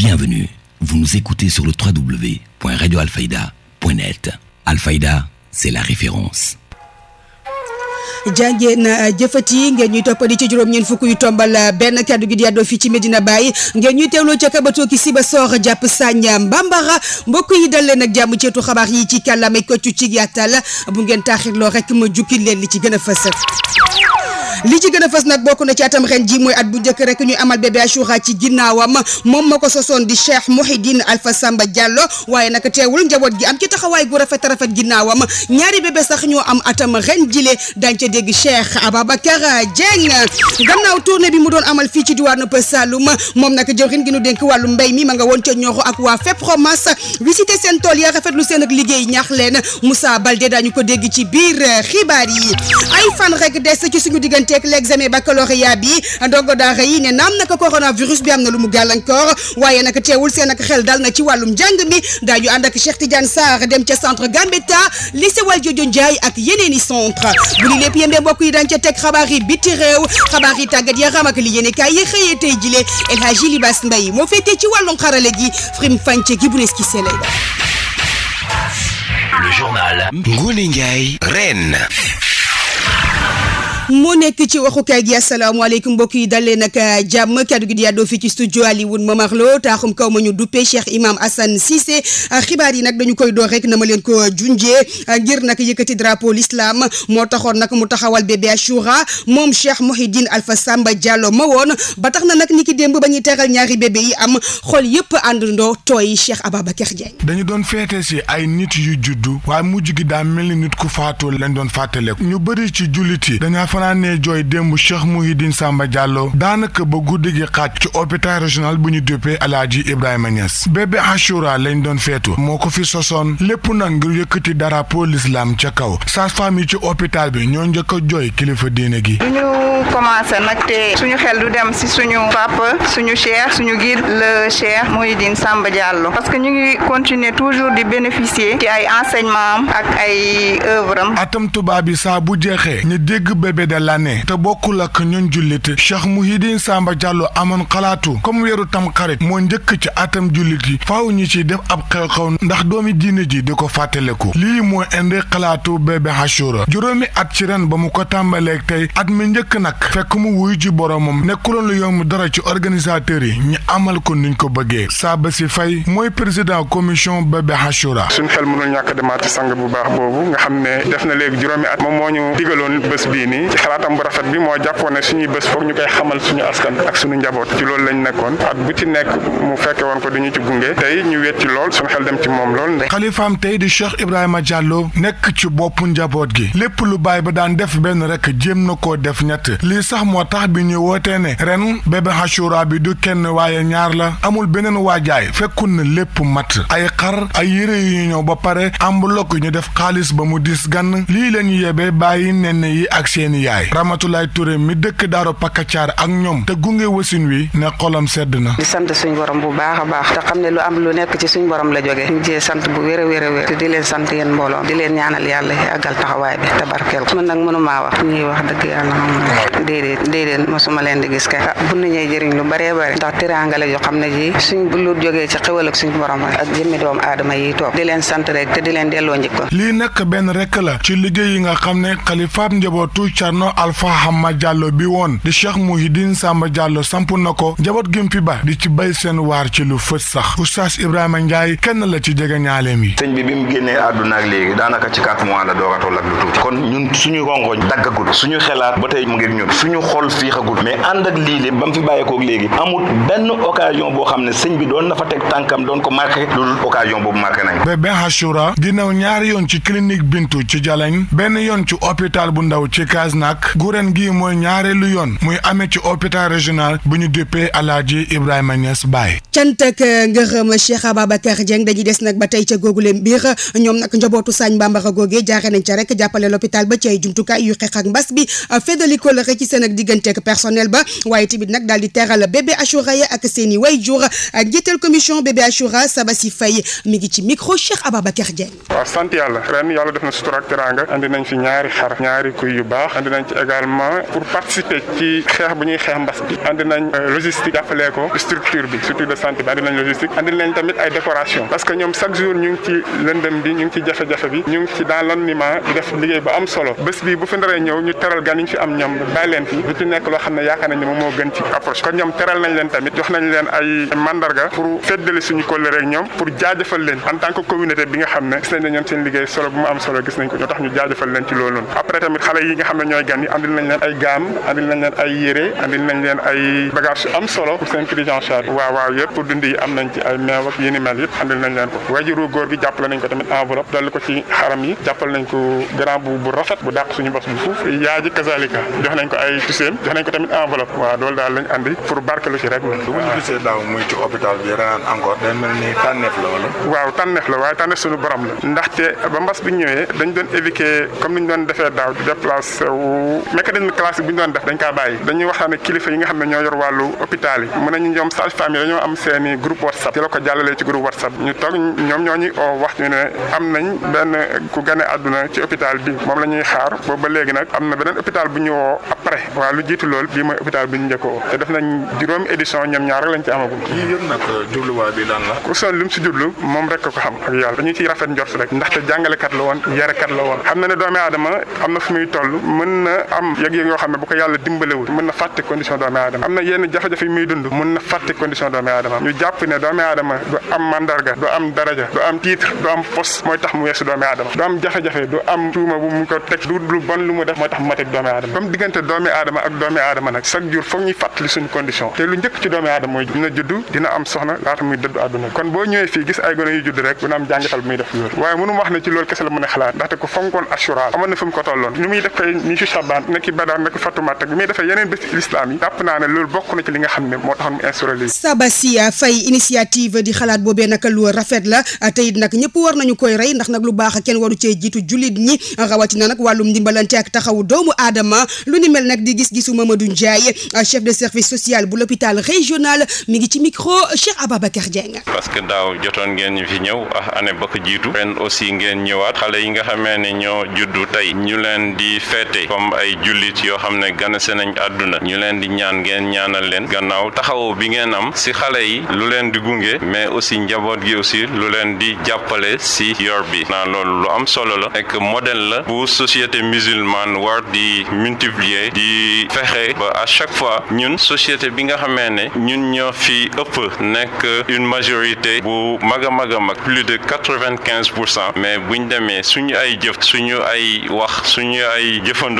bienvenue. Vous nous écoutez sur le www.radioalfaïda.net. Alfaïda, c'est la référence. jàngeen euh, jëfati ngeen ñuy toppandi ci juróom ñeen fukk yu tombal euh, benn kaddu gi di fii ci Medina Baye ngeen ñuy teewloo ca kabatoo ki si ba soor jàpp Sagna Mbambara mbokk yi dal leen ak jàmm ceetu xabaar yi ci kàllaamay koccu ci yàttal bu ngeen loo rek ma jukki leen li ci gën a fës li ci gën a fës nag bokk na ci atam ren ji mooy at bu njëkk rek ñuy amal bébé Achoura ci ginnaawam moom ma ko sosoon di Cheikh Mouhidine Alpha Samba Diallo waaye nag teewul njaboot gi am ci taxawaay gu rafet rafet ginnaaw ginnaawam ñaari bébé sax ñoo am atam ren jile dañ ca dégg Cheikh Ababacar Dieng gannaaw tournée bi mu doon amal fii ci diwaanu ma moom nag jëwrin gi nu dénk wàllu mbéy mi ma nga woon ca ñooxu ak waa FEP Promas visité seen tool ya rafetlu seen ak liggéey ñaax leen Moussa Baldé dañu ko dégg ci biir xibaar yi ay fan rek ci suñu diggante le l'examen baccalauréat bi ndongo daara yi ne naam naka coronavirus bi am na lu mu gàllankoor waaye nag teewul seen ak xel dal na ci wàllum njàng mi daañu ànd ak Cheikh Tidiane dem ca centre Gambetta lycée Valdiodio Ndiaye ak yeneen i centre bu li lépp yembe mbokk yi dañ ca teg xabaar yi biti réew xabaar tàggat yaram ak li yéene kaay yi xëyee tey jile El Hadji Libas Mbaye moo féetee ci wàllum xarale gi frim fànce gi bu nees ki sele Le journal moo nekk ci waxukaay gi asalaamaaleykum mbokk yi dalee nag euh, jàmm kaddu gi di yàddoo fii ci studio Alioune Momar Lo taaxum kaw ma ñu duppee Cheikh Imam Assane Cissé euh, xibaar yi nag dañu koy door rek na ma leen ko euh, junjee ngir nag yëkkati drapo l'islam moo taxoon nag mu taxawal bébé Achoura moom Cheikh Mouhidine Alpha Samba Diallo ma woon ba tax na nag ni ki démb ba ñuy teral ñaari bébé yi am xol yëpp àndandoo tooy Cheikh Ababacar Dieng. dañu doon feete si ay nit yu juddu waaye mujj gi daa mel ni nit ku faatu doon fàttaleku ñu bëri ci jullit yi fanaanee jooy démb Cheikh Mouhidine Samba Diallo daanaka ba guddi gi xaaj ci hôpital régional bu ñu dëppee Alaaji Ibrahima Niass bébé Achoura lañ doon feetu moo ko fi sosoon lépp nag ngir yëkkati drapeau l'islam ca kaw sage-femme yi ci hôpital bi ñoo njëkk a jooy kilifa diine gi. du ñu commencé nag te suñu xel du dem si suñu papa suñu cheikh suñu guide le Cheikh Mouhidine Samba Diallo parce que ñu ngi continuer toujours di bénéficier ci ay enseignement am ak ay œuvre am. bi de l'année te bokkul ak ñun jullit Cheikh Mouhidine Samba Diallo amoon xalaatu comme tam tamxarit moo njëkk ci atam jullit yi faaw ñu ci def ab xew-xew ndax doomi diine ji di ko fàttaliku lii moo indi xalaatu bébé Achoura juróomi at ci ren ba mu ko tàmbaleeg tey at mi njëkk nag fekk mu wuyu ci boromam nekkuloon lu yomb dara ci organisateurs yi ñu amal ko niñ ko bëggee saa ba si fay mooy président commission bébé Achoura suñ xel mënul ñàkk demaat ci sang bu baax na léegi juróomi at moom moo ci xalaatam bu rafet bi moo jàppoon ne suñuy bés foog ñu koy xamal suñu askan ak suñu njaboot ci loolu lañ nekkoon at bu ci nekk mu fekke woon ko dañu ci gunge tey ñu wet ci lool suñu xel dem ci moom lool. xalifaam tey di Cheikh Ibrahima Diallo nekk ci boppu njaboot gi lépp lu baay ba daan def benn rek jéem na koo def ñett lii sax moo tax bi ñu wootee ne ren bébé Achoura bi du kenn waaye ñaar la amul beneen waajaay fekkun na lépp mat ay xar ay yére yu ñëw ba pare am bloc ñu def xaalis ba mu dis gann lii lañu yebee bàyyi nen yi ak seeni suñu yaay Ramatoulaye Touré mi dëkk Daaro Pakacaar ak ñoom te gunge wasin wi ne xolam sedd na di sant suñ borom bu baax a baax te xam ne lu am lu nekk ci suñ borom la jógee ñu a a te di leen sant ah, bu nu ñuy lu baree bare ndax tiraanga la yoo xam ne ji suñ lu jógee ci xewal ak suñ borom ak jëmmi doomu aadama yi toog di leen sant rek te di leen delloo njëkkoon lii nag benn rek la ci liggéey yi nga xam ne xalifaab njabootu ca Thierno Alpha Hama Diallo bi woon di Cheikh Mouhidine Samba Diallo samp na ko njaboot gim fi ba di ci béy seen waar ci lu fës sax Oustaz Ibrahima Ndiaye kenn la ci jege ñaaleem yi. sëñ bi bi mu génnee àdduna léegi daanaka ci quatre mois la doog a kon ñun suñu rongoñ daggagul suñu xelaat ba tey mu ngi ñun suñu xol fiixagul mais ànd ak lii de ba mu fi bàyyeekook léegi amul benn occasion boo xam ne sëñ bi doon na fa teg tànkam doon ko marqué lu dul occasion boobu marqué nañ bébé Achoura dinaw ñaari yoon ci clinique Bintu ci Jalañ benn yoon ci hôpital bu ndaw ci Kas nag guren gi mooy ñaareelu yoon muy amee ci hôpital régional bu ñu duppee Alaaji Ibrahima Niass Baye. cant ak ngërëm Cheikh Ababacar Dieng dañuy des nag ba tey ca googu leen biir ñoom nag njabootu Sagne Bambara googee jaaxee nañ ca rek jàppale l'hôpital ba ci ay jumtukaay yu xeex ak mbas bi feddali ko la ci seen ak digganteeg personnel ba waaye tamit nag daal di teral bébé Achoura ya ak seen i wayjur njiital commission bébé Achoura Sabassi Faye mi ngi ci micro Cheikh Ababacar Dieng. waaw sant yàlla ren yàlla def na sutura ak teraanga andi nañ fi ñaari xar ñaari kuy yu ànd nañ ci également pour participer ci xeex bu ñuy xeex mbas bi ànd nañ euh, logistique jàppalee structure bi surtout de santé bi ànd nañ logistique ba am solo bés bi bu fi ndaree ñëw ñu teral gan ñu fi am ñoom bàyyi leen fi lu ci nekk loo xam ne yaakaar nañ moom moo gën ci approche kon ñoom teral nañ leen tamit jox nañ leen ay mandarga pour feddali suñu kóllëre ak ñoom pour jaajëfal leen en tant communauté bi nga xam ne gis nañ ne ñoom seen liggéey solo teral gan yi andil nañ leen ay gaam andil nañ leen ay yére andil nañ leen ay am nañ ci ay meew ak yéni mel yëpp andil nañ leen ko wajuru góor gi jàppale nañ ko tamit enveloppe dolli ko ci xaram yi jàppal nañ ko grand bu rafet bu dàq suñu bos bu fuuf yaa ji kazalika jox nañ ko ay tuseem jox nañ ko tamit enveloppe waaw loolu daal lañ andi pour barkelu ci rek waaw tànneef la waaye tànneef suñu borom la ndaxte ba mbas bi ñëwee dañ doon éviquer comme niñ doon defee daaw di déplacé wu mécanisme classique bu ñu doon def dañ kaa bàyyi dañuy waxtaan kilifa yi nga xam ne ñoo yor wàllu hôpital yi mu nañu ñoom sage-femme yi dañoo am seeni groupe whatsapp ci la ko jàllalee ci groupe whatsapp ñu toog ñoom ñoo oo wax ne am nañ benn ku gane àdduna ci hôpital bi moom la ñuy xaar boobu ba léegi nag am na beneen hôpital bu ñu woo après waaw lu jiitu lool bii mooy hôpital bu ñu njëkkoo te def nañ juróomi édition ñoom ñaar rek lañ ci amagum euh, bi lan la ku son lim si jublu moom ciy rafet njort rek ndaxte jàngalekat la la woon mën na am yëg-yëg yoo xam ne bu ko yàlla dimbalewul mën na fàtte condition doomi aadama am jàpp ne doomi aadama du am mandarga du am daraja du am titre mooy tax mu weesu doomi aadama du am jafe jour foog ñuy fàttali suñu condition te lu njëkk ci doomi aadama mooy dina juddu dina am soxna laata muy dëddu àdduna kon boo ñëwee fii gis ay gone yu judd rek dina am jàngatal bu def loolu waaye mënu wax ne ci loolu kese la mën a xalaat ndaxte ko fonkoon assura amoon na fu ci Chaban na ki Badar na ki Fatoumata defee yeneen bés ci yi jàpp naa ne loolu bokk na ci li nga xam ne moo taxoon mu instauré lii Sabassy Faye initiative di xalaat boobee naka lu rafet la te it nag ñëpp war nañu koy rey ndax nag lu baax kenn waru cee jiitu jullit ñi rawatina nag wàllum ndimbalante ak taxawu doomu aadama lu ni mel nag di gis-gisu Mamadou Ndiaye chef de service social bu l'hôpital régional mi ngi ci micro Cheikh Ababacar Dieng parce que daaw jotoon ngeen ñu fi ñëw ah année ba ko nga xamee ne ñoo juddu comme ay jullit yoo xam ne ganase nañ àdduna ñu leen di ñaan ngeen ñaanal leen gannaaw taxawu bi ngeen am si xale yi lu leen di gunge mais aussi njaboot gi aussi lu leen di jàppale si yor bi naa loolu lu am solo la nekk modèle la bu société musulmane war di multiplier di fexe ba à chaque fois ñun société bi nga xamee ne ñun ñoo fi ëpp nekk une majorité bu mag a mag mag plus de quatre vingt pour cent mais buñ demee suñu ay jëf suñu ay wax suñu ay jëfandu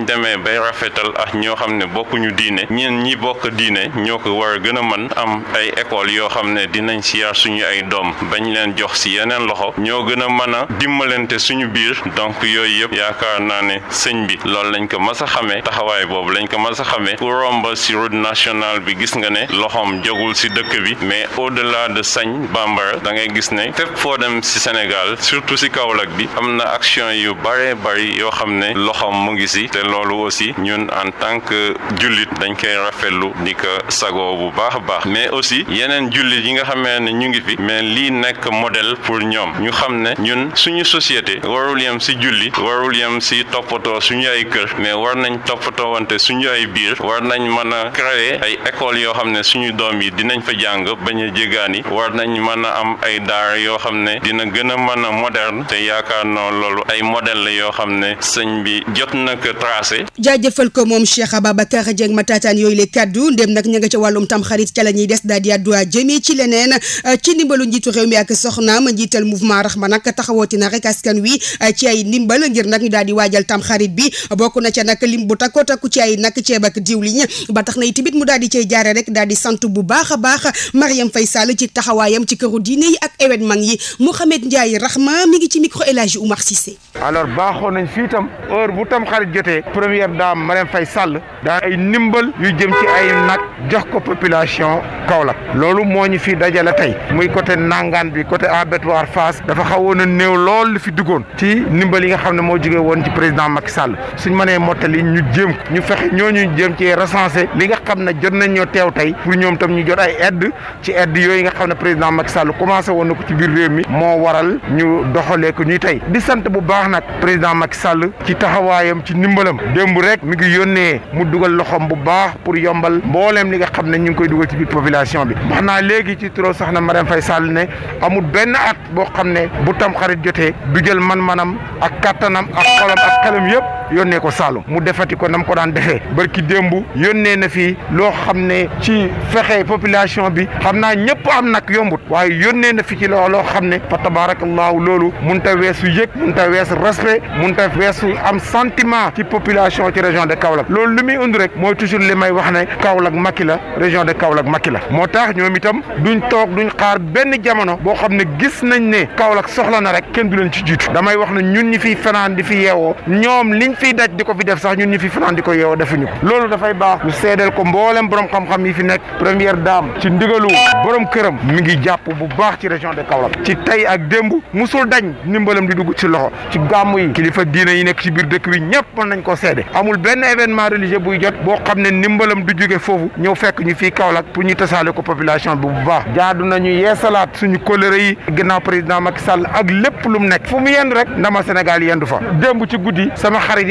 buñ demee bay rafetal ak ñoo xam ne bokkuñu diine ñeen ñi bokk diine ñoo ko war a gën a mën am ay école yoo xam ne dinañ si suñu ay doom bañ leen jox si yeneen loxo ñoo gën a mën a dimbalante suñu biir donc yooyu yëpp yaakaar naa ne sëñ bi loolu lañ ko mas a xamee taxawaay boobu lañ ko mas a xamee ku romb si route nationale bi gis nga ne loxoom jogul si dëkk bi mais de delà de sañ bambara da ngay gis ne fépp foo dem si Sénégal surtout si Kaolack bi am na action yu bare bari loolu aussi ñun en tant que jullit dañ koy rafetlu di ko sagoo bu baax a baax mais aussi yeneen jullit yi nga xamee ne ñu ngi fi mais lii nekk modèle pour ñoom ñu xam ne ñun suñu société warul yem si julli warul yem si toppatoo suñu ay kër mais war nañ toppatoo wante suñu ay biir war nañ mën a créer ay école yoo xam ne suñu doom yi dinañ fa jàng bañ a jéggaani war nañ mën a am ay daara yoo xam ne dina gën a mën a moderne te yaakaar noonu loolu ay modèle la yoo xam ne passé jaajëfal ko moom Cheikh Ababacar Dieng ma taataan yooyu le kaddu ndem nag ña nga ca wàllum tam xarit ca la ñuy des daal di àddu jëmee ci leneen euh, ci ndimbalu njiitu réew mi ak soxnaam njiital mouvement Rahma nag taxawooti na rek askan wi euh, ci ay ndimbal ngir nag ñu daal di waajal tam xarit bi bokk na ca nak lim bu takko takku ci ay nak ceeb ak diwliñ ba tax nay itamit mu daal di cay jaare rek daal di sant bu baax a baax Mariam fay Sall ci taxawaayam ci këru diine yi ak événement yi Mouhamed Ndiaye mi ngi ci micro El Hadji Oumar Cissé alors baaxoon nañ fii tam heure bu première dame Marème fay sàll daa ay ndimbal yu jëm ci ay nag jox ko population Kaolack loolu moo ñu fi dajale tey muy côté nangaan bi côté abattoir Fass dafa xaw woon a néew lool li fi duggoon ci ndimbal yi nga xam ne moo jógee woon ci président Macky Sall suñ manee mottali ñu jéem ko ñu fexe ñoo ñu jëm ci recenser li nga xam ne jot nañ ñoo teew tey pour ñoom tam ñu jot ay aide ci aide yooyu nga xam ne président Macky Sall commencé woon na ko ci biir réew mi moo waral ñu doxalee ko ñuy tey di sant bu baax nag président Macky Sall ci taxawaayam ci ndimbalam démb rek mi ngi yónnee mu dugal loxoom bu baax pour yombal mbooleem li nga xam ne ñu ngi koy dugal ci biir population bi wax naa léegi ci trop sax na Marème fay Sall ne amul benn at boo xam ne bu tam xarit jotee du jël man-manam ak kattanam ak xolam ak xelam yëpp yónnee ko Saalum mu defati ko nam ko daan defee barki démb yónnee na fii loo xam ne ci fexe population bi xam naa ñëpp am nag yombut waaye yónnee na fi ci loo loo xam ne fa tabaarakallaahu loolu mun ta weesu yëg mun ta weesu respect mun ta weesu am sentiment ci population ci région de Kaolack loolu lu muy und rek mooy toujours li may wax ne Kaolack Macky la région de Kaolack Macky la moo tax ñoom itam duñ toog duñ xaar benn jamono boo xam ne gis nañ ne Kaolack soxla na rek kenn du leen ci jiitu damay wax ne ñun ñi fiy fanaan di fi yeewoo ñoom fiy daj di ko fi def sax ñu fi fanaan di ko yeewoo defuñu ko loolu dafay baax ñu seedeel ko mboolem borom xam-xam yi fi nekk première daam ci ndigalu borom këram mu ngi jàpp bu baax ci région de Kaolack ci tey ak démb musul dañ ndimbalam di dugg ci loxo ci gàmm yi kilifa diine yi nekk ci biir dëkk bi ñëpp mën nañ ko seede amul benn événement religieux buy jot boo xam ne ndimbalam du jóge foofu ñëw fekk ñu fii Kaolack pour ñu tasaale ko population bi bu baax jaadu nañu yeesalaat suñu kóllëre yi ginnaaw président Macky Sall ak lépp lu mu nekk fu mu rek ndama Sénégal yendu fa démb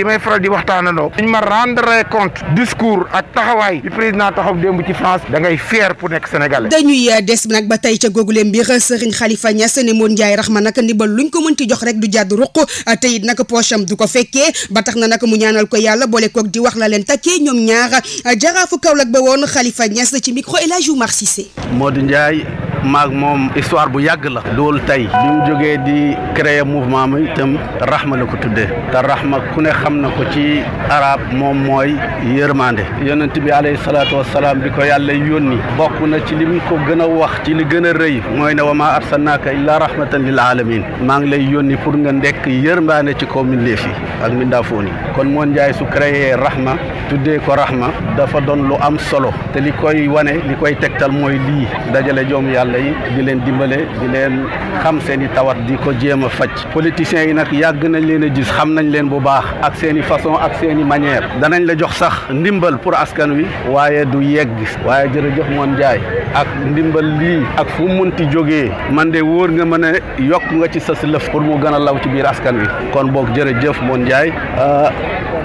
yi may faral di waxtaanandoo suñ ma rendre compte discours ak taxawaay bi président taxaw démb ci France da ngay fier pour nekk sénégalais. dañuy des nag ba tey ca googule mbir Serigne Khalifa Niass ne Modou Ndiaye Rahma nag ndimbal luñ ko mënti jox rek du jàdd ruq te it nag poche am du ko fekkee ba tax na nag mu ñaanal ko yàlla boole kook di wax la leen takkee ñoom ñaar jaraafu Kaolack ba woon Khalifa Niass ci micro El Hadj Oumar Cissé. Modou Ndiaye. maak moom histoire bu yàgg la doolu tey bi mu jógee di créer mouvement mi itam raxma la ko tuddee te raxma ku ne xam na ko ci arab moom mooy yërmande yonent bi alayhi salaatu wasalaam bi ko yàlla yónni bokk na ci li mu ko gën a wax ci li gën a rëy mooy ne wa maa arsalnaaka illaa rahmatan lil alamin maa ngi lay yónni pour nga nekk yërmande ci kaw mbindeef fi ak foo yi kon moon njaay su créer raxma tuddee ko raxma dafa doon lu am solo te li koy wane li koy tegtal mooy lii dajale joom yàlla yàlla di leen dimbale di leen xam seeni tawat di ko jéem a faj politiciens yi nag yàgg nañ leen a gis xam nañ leen bu baax ak seen façon ak seeni i danañ la jox sax ndimbal pour askan wi waaye du yegg waaye jër jëf moon Njaay ak ndimbal lii ak fu munti jóge man de wóor nga mën a yokk nga ci sas lëf pour mu gën a law ci biir askan wi kon boog jëf moon Njaay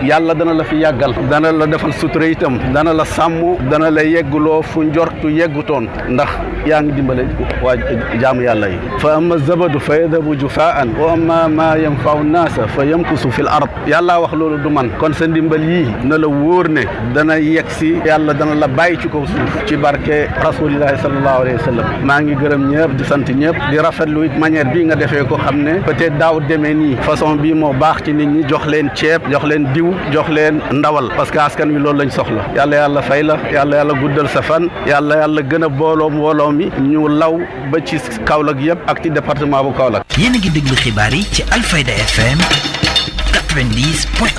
yàlla dana la fi yàggal dana la defal sutura itam dana la sàmm dana la yegguloo fu njortu yeggutoon jàppale waa jaamu yàlla yi fa ama zabadu fa yadabu jufaan wa ama maa yanfau naasa fa yamkusu fi l ard yàllaa wax loolu du man kon sa ndimbal yii na la wóor ne dana yegg yàlla dana la bàyyi ci ko suuf ci barke rasulillahi sallallahu alayhi wa maa ngi gërëm ñëpp di sant ñëpp di rafetlu manière bi nga defee ko xam ne peut-être daaw demee nii façon bi moo baax ci nit ñi jox leen ceeb jox leen diw jox leen ndawal parce que askan wi loolu lañ soxla yàlla yàlla fay la yàlla yàlla guddal sa fan yàlla a booloo wu law ba ci Kaolack yëpp ak ci département bu Kaolack. yéen a ngi déglu xibaar yi ci Alfayda FM 90 point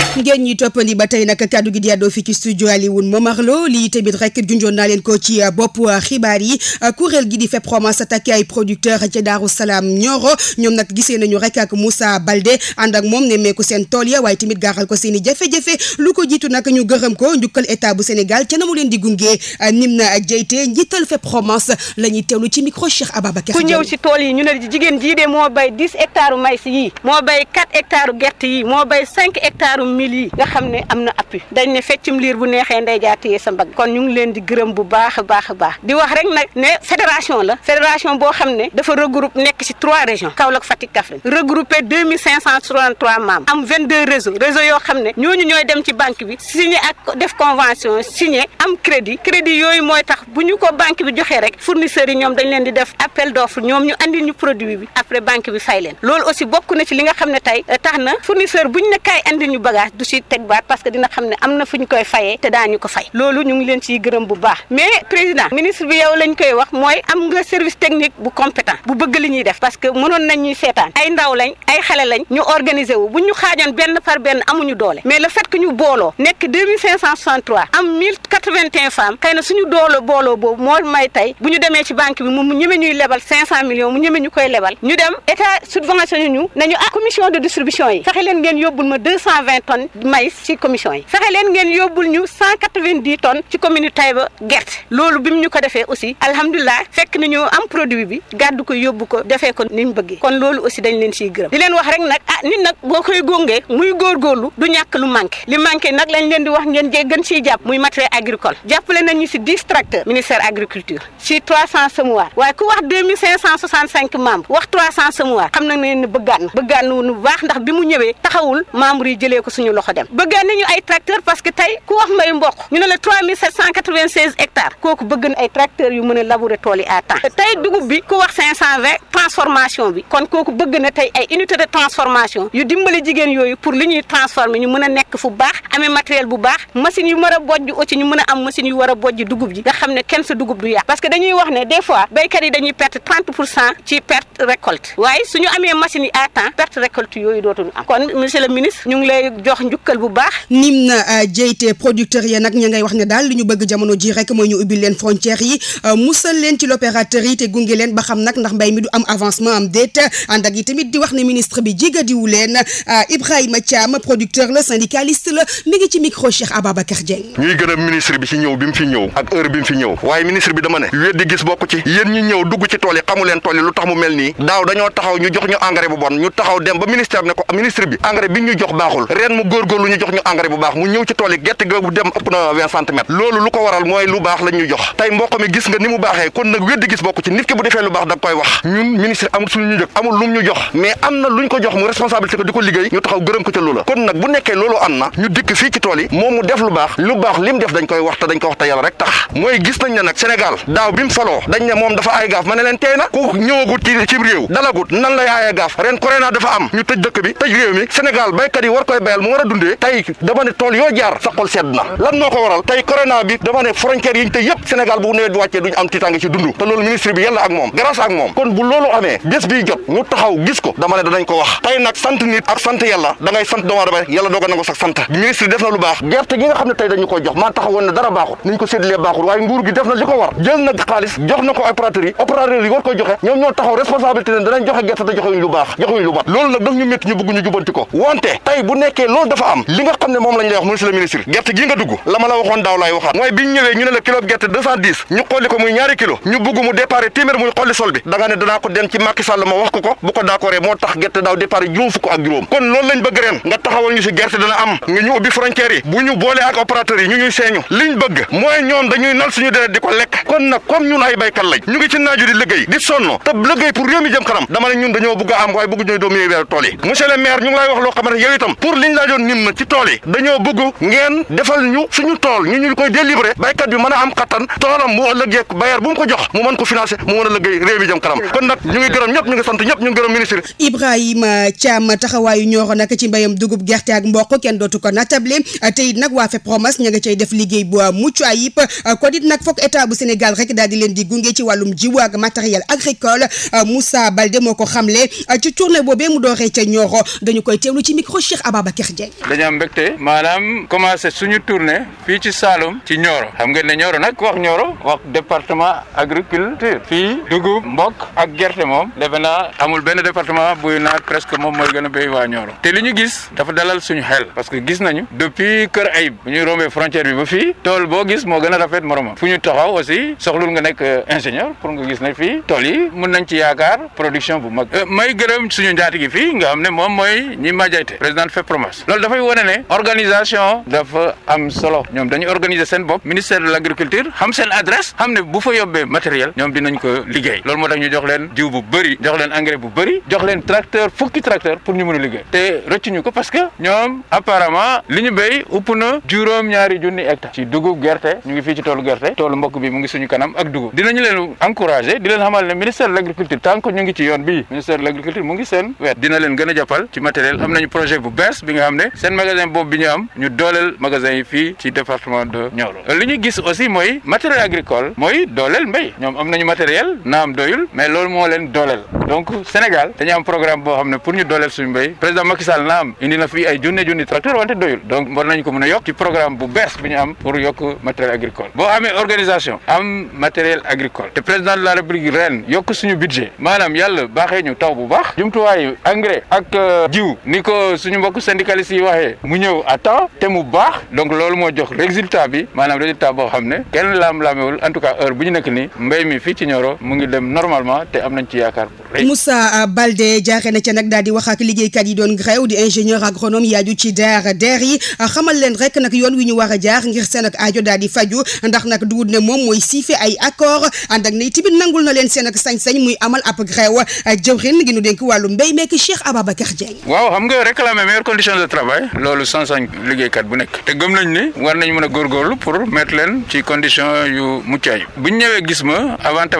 1. ngeen ñuy toppandi ba tey nag kaddu gi di àddoo fii ci studio Alioune Momar Lo lii tamit rek junjoon naa leen ko ci euh, bopp euh, xibaar yi euh, kuréel gi di FEPROMAS attaqué ay producteur ci Daaru Salaam Nioro ñoom nag gisee nañu rek ak Moussa Baldé ànd ak moom nemmeeku seen tool ya waaye tamit gaaxal ko seen i jafe-jafe lu ko jiitu nag ñu gërëm ko njukkal état bu Sénégal ca na mu leen di gunge Nimna Diayte njiital FEPROMAS la ñuy teewlu ci micro Cheikh Ababacar. ku ñëw si tool yi ñu ne jigéen moo bay 10 hectares maïs moo bay 4 hectares gerte yii moo bay 5 hectares mille yi nga xam ne am na appui dañ ne feccum liir bu neexee ndey jaatiyee sa mbagg kon ñu leen di gërëm bu baax a baax baax di wax rek nag ne fédération la fédération boo xam ne dafa regroupe nekk ci trois régions Kaolack Fatick Kaffrine regroupé deux mille cinq cent soixante-trois membres am vingt-deux yoo xam ne ñooñu ñooy dem ci banque bi signé ak def convention signé am crédit crédit yooyu mooy tax bu ñu ko banque bi joxee rek fournisseurs yi ñoom dañ leen di def bi après banque bi li nga xalaat du si teg baat parce que dina xam ne am na fu ñu koy fayee te daañu ko fay loolu ñu ngi leen ciy gërëm bu baax mais président ministre bi yow lañ koy wax mooy am nga service technique bu compétent bu bëgg li ñuy def parce que mënoon nañ ñuy ay ndaw lañ ay xale lañ ñu organiser wu bu ñu xaajoon benn par benn amuñu doole mais le fait que ñu booloo nekk 2563 am 1081 femmes xëy na suñu doole booloo boobu moo may tey bu ñu demee ci banque b moom mu ñeme ñuy lebal 500 millions mu ñeme ñu koy lebal ñu dem état subventionné ñu nañu ah yi fexe leen ngeen yóbbul ma 220 tonnes tonnes maïs ci commission yi fexe leen ngeen yóbbul ñu cent quatre-vingt-dix tonnes ci commune Taïba gerte loolu bi mu ñu ko defee aussi alhamdulilah fekk nañu am produit bi gàddu ko yóbbu ko defee ko ni ñu kon loolu aussi dañ leen siy gërëm di leen wax rek nag ah nit nag boo koy góngee muy góorgóorlu du ñàkk lu manqué li manqué nag lañ leen di wax ngeen jéggi gën siy jàpp muy matériel agricole jàppale nañ ñu si dix ministère agriculture si trois cent suñu loxo dem bëggee nañu ay tracteur parce que tey ku wax mbay mboq ñu ne la 3796 hectares kooku bëgg na ay tracteurs yu mën a temps ah. tey dugub bi ku wax transformation bi kon kooku bëgg na tey ay unité transformation yu dimbali jigéen yooyu pour li ñuy transformer ñu mën a nekk fu baax amee matériel bu baax machines yu mën a bojj ñu mën am machines yu war a dugub ji nga xam ne kenn sa dugub du yàq parce que njukkal bu baax. nim na jeyte euh, producteurs ya nag ña ngay wax ne daal li ñu bëgg jamono ji rek mooy ñu ubbil leen frontières yi euh, musal leen ci l' yi te gunge leen ba xam nag ndax mbay mi du am avancement am déet ànd ak yi tamit di wax ne ministre bi jégadiwu leen euh, Ibrahima Thiam producteur la syndicaliste la mi ngi ci micro Cheikh Ababacar Dieng. ñuy gërëm ministre bi si ñëw bi mu fi ñëw ak heure bi mu fi ñëw waaye ministre bi dama ne weddi gis bokk ci yéen tool yi xamu leen tool lu tax mu mel nii daaw dañoo taxaw ñu jox ñu engrais bu bon ñu taxaw dem ba ministère ne ko bi engrais bi jox baaxul ren mu góorgóorlu ñu jox ñu engrais bu baax mu ñëw ci tool yi gerte ga dem ëpp na vingt centimètres loolu lu ko waral mooy lu baax lañ jox tey mboq mu def lu baax lu baax lim def dañ koy wax dañ ko wax te rek tax mooy gis nañ ne nag Sénégal daaw bi mu faloo dañ ne moom dafa ay gaaf ma ne leen tey na ku ñëwagut ci ci réew dalagut nan lay aaye gaaf ren corona dafa am ñu tëj dëkk bi tëj réew mi Sénégal baykat yi war koy bayal a dundee tey dama ne jaar sa sedd na lan moo ko waral tey corona bi dama ne yi ñu tey yëpp Sénégal bu nawet wàccee duñu am bi yàlla ak moom ñu taxaw gis ko dama danañ ko a nangu sax sant ministre def jox maa taxawoon ne dara baaxul niñ ko séddalee baaxul waaye nguur gi def na li ko war jël na xaalis jox na ko opérateurs yi opérateurs ko joxe ñoom ñoo taxaw responsabilité ne danañ joxe gerte te joxewuñ lu baax joxewuñ lu mat loolu nag daf ñu métti loolu li nga xam ne moom lañ lay wax monsieur ministre gerte gi nga dugg la la waxoon daaw laay waxaat mooy bi ñëwee ñu ne la kilo gerte deux cent dix ñu xolli ko muy ñaari kilo ñu bugg mu départ téeméer muy xolli sol bi da ne danaa ko dem ci Macky Sall ma wax ko ko bu ko d'accord moo tax gerte dana am nga ñu ubbi frontières yi bu ñu boolee ak opérateurs yi ñu ñuy seeñu liñ bëgg mooy ñoom dañuy nal suñu deret di ko lekk kon nag comme ñu ngi a laajoon nim na ci tool yi dañoo bëgg ngeen defal ñu suñu tool ñu ñu koy délibéré béykat bi mën a am kattan toolam bu ëllëgee bailleur bu mu ko jox mu mën ko financé mu mën a liggéey réew mi jëm kanam kon nag ñu ngi gërëm ministre Ibrahima Thiam taxawaayu ñooro nag ci mbéyam dugub gerte ak mboq kenn dootu ko natable te it nag waa FEPROMAS ña nga cay def liggéey bu mucc ayib kon it nag foog état bu Sénégal rek daal di leen di gunge ci wàllum jiw ko xamle ci tournée boobee mu dooree ca Dieng. dañoo am mbégte maanaam commencé suñu tournée fii ci Saloum ci Nioro xam ngeen ne ñooro nag wax ñooro wax département agriculture fii dugub mbokk ak gerte moom defe na amul benn département buy naa presque moom mooy gën a béy waa Nioro te li ñu gis dafa dalal suñu xel parce que gis nañu depuis Kër Ayib bu ñuy rombee frontière bi ba fii tool boo gis moo gën a rafet moromam fu ñu taxaw aussi soxlul nga nekk euh, ingénieur pour nga gis ne fii tool yi mën nañ ci yaakaar production bu mag euh, may gërëm suñu njaati gi fii nga xam ne moom mooy ñi majayte président fait promesse loolu dafay wane ne organisation dafa am solo ñoom dañu organiser seen bop ministère de l' agriculture xam seen adresse xam ne bu fa yóbbee matériel ñoom dinañ ko liggéey loolu moo tax ñu jox leen jiw bu bëri jox leen engrais bu bëri jox leen tracteur fukki tracteur pour ñu mën a liggéey te rëccuñu ko parce que ñoom apparemment li ñu béy upp na juróom-ñaari junni hectare ci dugub gerte ñu ngi fii ci toolu gerte toolu mbokk bi mu ngi suñu kanam ak dugub dinañu l' agriculture ñu ngi ci yoon bii ministère de l' agriculture mu ngi seen wet dina leen gën a jàppal ci am jàppale seen magasin boobu bi ñu am ñu dooleel magasin yi fii ci département de Nioro li ñu gis aussi mooy matériel agricole mooy dooleel mbéy ñoom am nañu matériel naam doyul mais loolu moo leen dooleel donc Sénégal dañu am programme boo xam ne pour ñu dooleel suñu mbéy président Macky naam indi na fii ay junne junni tracteur wante doyul donc war nañ ko mën a yokk ci programme bu bees bi ñu am pour yokk matériel agricole boo amee organisation am matériel agricole si waxee mu ñëw à temps te mu baax donc loolu moo jox résultat bi maanaam résultat boo xam ne kenn laam-laamewul en tout cas heure bu ñu nekk nii mbéy mi fii ci Nioro mu ngi dem normalement te am nañ ci yaakaar Moussa Baldé jaaxee na ca nag daal di wax ak yi doon grève di ingénieur agronome yaaju ci DER DER yi xamal leen rek nag yoon wi ñu war a jaar ngir seen ak aajo daal di faju ndax nag dugub ne moom mooy siife ay accord ànd ak ne tamit nangul na leen seen ak sañ-sañ muy amal ab travail loolu sañ-sañ liggéeykat bu nekk te gëm nañ ni war nañ mën a góorgóorlu pour mettre leen ci condition yu mucc ayib ñëwee gis ma avant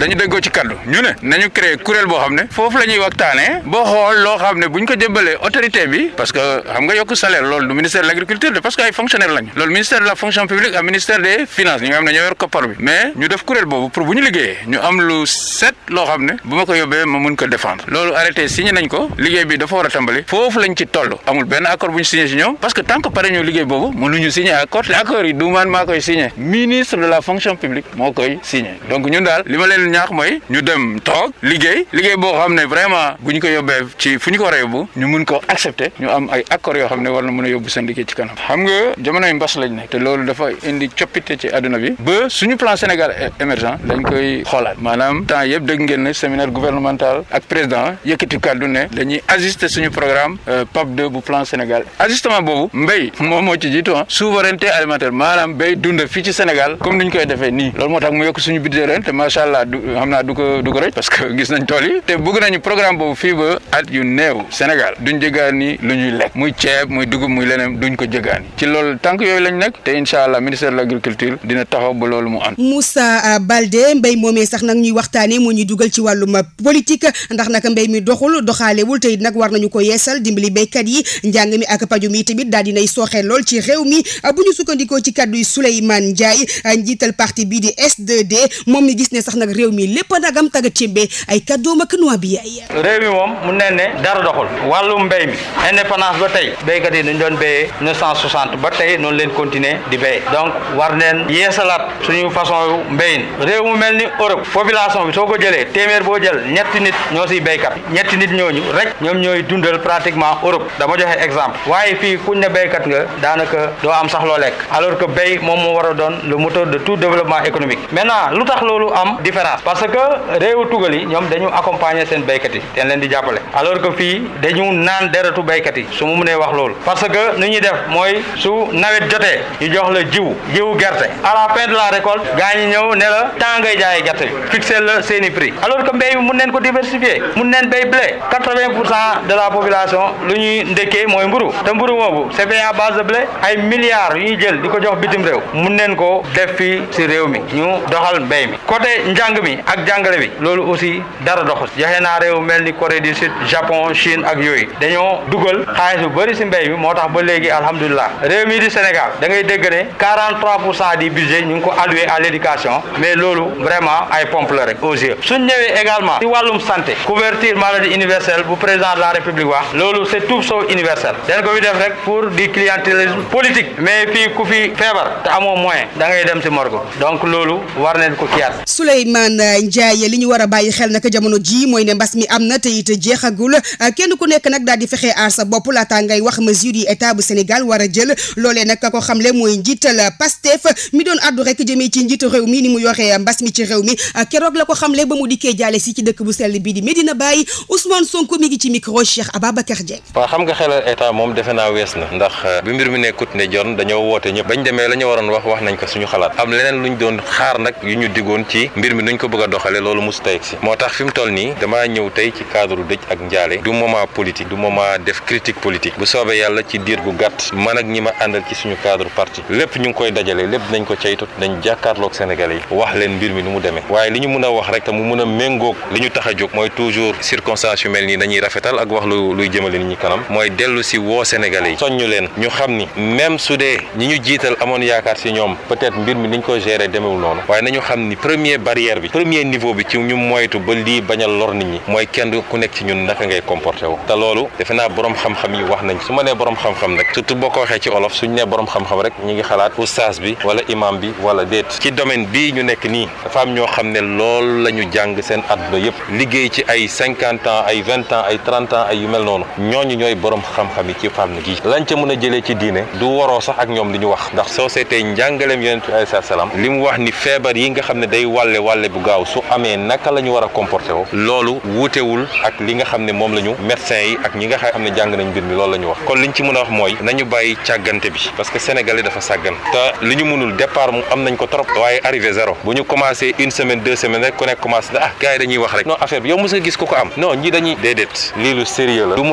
dañu déggoo ci kaddu ñu ne nañu créé kuréel boo xam la ñuy waxtaanee boo xool loo xam ne buñ ko jëbalee autorité bi parce que xam nga yokk salaire loolu du ministère de l' agriculture la fonction publique ak ministère des finances ñi nga xam ne ñoo yor koppar bi mais ñu def kuréel boobu pour bu ñu liggéeyee ñu am lu set loo xam ne bu ma ko yóbbee ma mun ko défendre loolu arrêté signé nañ accord bu ñu signé si ñoom parce que tant que pare ñu liggéey boobu mënuñu signé accord accord yi du maa koy signé ministre de la fonction publique moo koy signé donc ñun daal li leen ñaax mooy ñu dem toog liggéey liggéey boo xam ne vraiment bu ñu ko yóbbee fu ñu ko war a ñu mun ko accepter ñu am ay accord yoo xam ne war na a yóbbu seen liggéey ci kanam xam nga jamonoy mbas lañ nekk te loolu dafa indi coppite ci àdduna bi ba suñu plan Sénégal Sénégal ajustement boobu mbéy moom moo ci jiitu ah souveraineté alimentaire maanaam béy dund fii ci Sénégal comme ni ñu koy defee nii loolu moo tax mu yokk suñu budget ren te macha allah du xam ko du ko rëcc parce que gis nañ tool yi te bëgg nañu programme boobu fii ba at yu néew Sénégal duñ jéggaani lu ñuy lekk muy ceeb muy dugub muy leneen duñ ko jéggaani ci loolu tànk yooyu lañ nekk te incha allah ministère de l' agriculture dina taxaw ba loolu mu am. Moussa ah, Baldé mbéy moomee sax nag ñuy waxtaanee moo ñuy dugal ci wàllum politique ndax nag mbéy mi doxul doxaalewul te it nag war nañu ko yeesal dimbali béykat yi njàng mi ak paju mi tamit daal dinay sooxe lool ci réew mi bu ñu sukkandikoo ci kàddu yi Souleymane Ndiaye njiital parti bii di s d moom mi gis ne sax nag réew mi lépp nagam taga cémbee ay kàddoom ak noa bi yaay réew mi moom mu ne ne dara doxul wàllum mbéy mi indépendance ba tey béykat yi dañ doon béyee 1960 ba tey noonu leen continuer di béy donc war neen yeesalaat suñu façon yu mbéyin réew mu mel ni Europe population bi soo ko jëlee téeméer boo jël ñetti nit ñoo siy béykat ñetti nit ñooñu rek ñoom ñooy dundal pratiquement Europe dama joxe exemple waaye fii kuñ ne béykat nga daanaka doo am sax loo lekk alors que béy moom moo war a doon le moteur de tout développement économique maintenant lu tax loolu am différence parce que réewu tugal yi ñoom dañu accompagner seen béykat yi dañ leen di jàppale alors que fii dañu naan deretu béykat yi su mu mënee wax loolu parce que nu ñuy def mooy su nawet jotee ñu jox la jiw jiwu gerte à la fin de la récolte gaa ñi ñëw ne la temps ngay jaayee gerte bi fixé mooy mburu te mburu boobu CFA base de blé ay milliards yu ñuy jël di ko jox bitim réew mun neen ko def fii si réew mi ñu doxal mbéy mi côté njàng mi ak jàngale bi loolu aussi dara doxus joxe naa réew mel ni Corée du Sud Japon Chine ak yooyu dañoo dugal xaalis bu bëri si mbéy mi moo tax ba léegi alhamdulilah réew mi di Sénégal da ngay dégg ne 43 pour cent di budget ñu ngi ko alloué à l' mais loolu vraiment ay pompe la rek aux yeux suñ ñëwee également si wàllum santé couverture maladie universelle la république hôpital dañ ko fi def rek pour di clientélisme politique mais fii ku fi feebar te amoo moyen da dem si morgue donc loolu war nañ ko kiyaat. Souleymane Ndiaye li ñu war a bàyyi xel nag jamono ji mooy ne mbas mi am na tey te it jeexagul kenn ku nekk nag daal di fexe aar sa bopp laata ngay wax mesure yi état bu Sénégal war a jël loole nag ko xamle mooy njiital Pastef mi doon àddu rek jëmee ci njiitu réew mi ni mu yoree mbas mi ci réew mi la ko xamle ba mu dikkee jaale si ci dëkk bu sell bii di Medina Baye Ousmane Sonko mi ngi ci micro Cheikh Ababacar Dieng. waaw xam nga état moom defe naa wees na ndax euh, bi mbir mi nekkut ne jon dañoo woote ñëpp bañ demee la ñu waroon wax wax nañ ko suñu xalaat am leneen luñ doon xaar nag yu ñu digoon ci mbir mi nuñ ko bëgg a doxale loolu mosu tey si moo tax fi mu toll nii damaa ñëw tey ci cadre dëj ak njaale du moment politique du moment def critique politique bu soobee yàlla ci diir gu gàtt man ak ñi ma àndal ci suñu cadre parti lépp ñu ngi koy dajale lépp nañ ko caytu dañ jàkkaarloog sénégalais yi wax leen mbir mi nu mu demee waaye li ñu mën a wax rek mu mën a méngoog li ñu tax a mooy toujours circonstance yu mel nii rafetal ak wax lu luy jëmale nit ñi kanam si woo Sénégalais yi soññu leen ñu xam ni même su dee ñi ñu jiital amoon yaakaar si ñoom peut-être mbir mi niñ ko gérer demewul noonu waaye nañu xam ni premier barrière bi premier niveau bi ci ñu moytu ba lii bañ a lor nit ñi mooy kenn ku nekk ci ñun naka ngay comporté wu te loolu defe naa borom xam-xam yi wax nañ su ma nee borom xam-xam nag surtout boo ko waxee ci olof suñ nee borom xam-xam rek ñu ngi xalaat oustaz bi wala imam bi wala déet ci domaine bii ñu nekk nii dafa am ñoo xam ne loolu la ñu jàng seen àdduna yëpp liggéey ci ay cinquante ans ay vingt ans ay trente ans mel noonu ñooñu ñooy xam xam-xam yi ci fànn gi lañ ca a jëlee ci diine du waroo sax ak ñoom li ñu wax ndax soo seetee njàngaleem yonent bi alayhi salaam li mu wax ni feebar yi nga xam ne day wàlle wàlle bu gaaw su amee naka la ñu war a comporté woo loolu wuutewul ak li nga xam ne moom la ñu médecin yi ak ñi nga xam ne jàng nañ mbir mi loolu la ñu wax kon liñ ci mën a wax mooy nañu bàyyi càggante bi parce que sénégalais dafa sàggan te li ñu mënul départ mu am nañ ko trop waaye arrivé zéro bu ñu commencé une semaine deux semaines rek ku nekk commencé na ah gars yi dañuy wax rek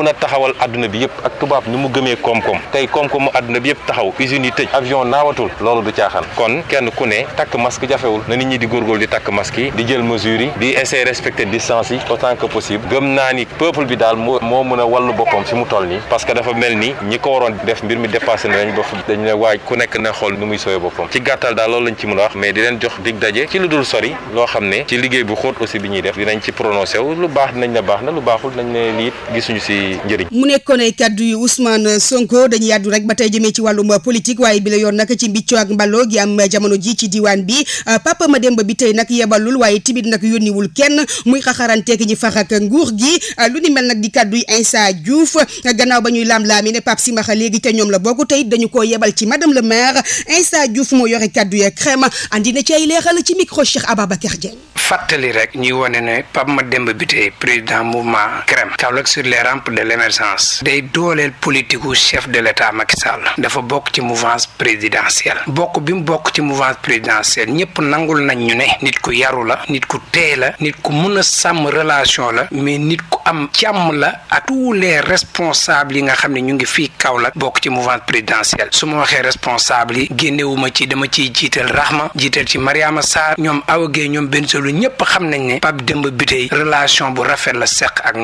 a taxawal adduna bi yëpp ak tubaab ni mu gëmee koom-koom tey koom-koomu àdduna bi yëpp taxaw usines yi tëj avion naawatul loolu du caaxaan kon kenn ku ne takk masque jafewul na nit ñi di góorgóorlu di takk masque yi di jël mesures yi di essayer respecter distance si autant que possible gëm naa ni peuple bi daal moo mën a wàllu boppam fi mu toll nii parce que dafa mel ni ñi ko waroon def mbir mi dépassé nañ ba dañu ne waaj ku nekk na xool nu muy sooyee boppam ci gàttal daal loolu lañ a wax mais di leen jox dig daje ci dul sori loo xam ne ci liggéey bu xóot aussi bi ñuy def dinañ ci prononcé wu lu baax dinañ ne baax na lu baaxul dinañ ne liit gisuñu si njëriñ kàddu yu Ousmane Sonko dañuy yàddu rek ba tey jëmee ci wàllum politique waaye bi la yoon gi am jamono ji ci diwaan bi euh, Papa euh, euh, ba ñuy laam-laami ne Pape Simaxa léegi la bokk tey dañu ko yebal ci madame le maire Insa Diouf moo yore kàddu ya crème andi na ci ay leexal ci micro Cheikh Ababacar Dieng fàttali rek ñuy wane ne Pape Mademba bi tey président mouvement crème Kaolack sur les rampes de l'émergence dooleel politique gu chef de l' état Macky Sall dafa bokk ci mouvance présidentielle bokk bi mu bokk ci mouvance présidentielle ñëpp nangul nañ ñu ne nit ku yaru la nit ku tee la nit ku mun a sàmm relation la mais nit ku am jàmm la ak tous les responsables yi nga xam ne ñu ngi fii Kaolack bokk ci mouvance présidentielle su ma waxee responsable yi génnewuma ci dama ciy jiital Rahma jiital ci Mariama Sarr ñoom Awa ñoom benn solo ñëpp xam nañ ne Pape Demba relation bu rafet la seq ak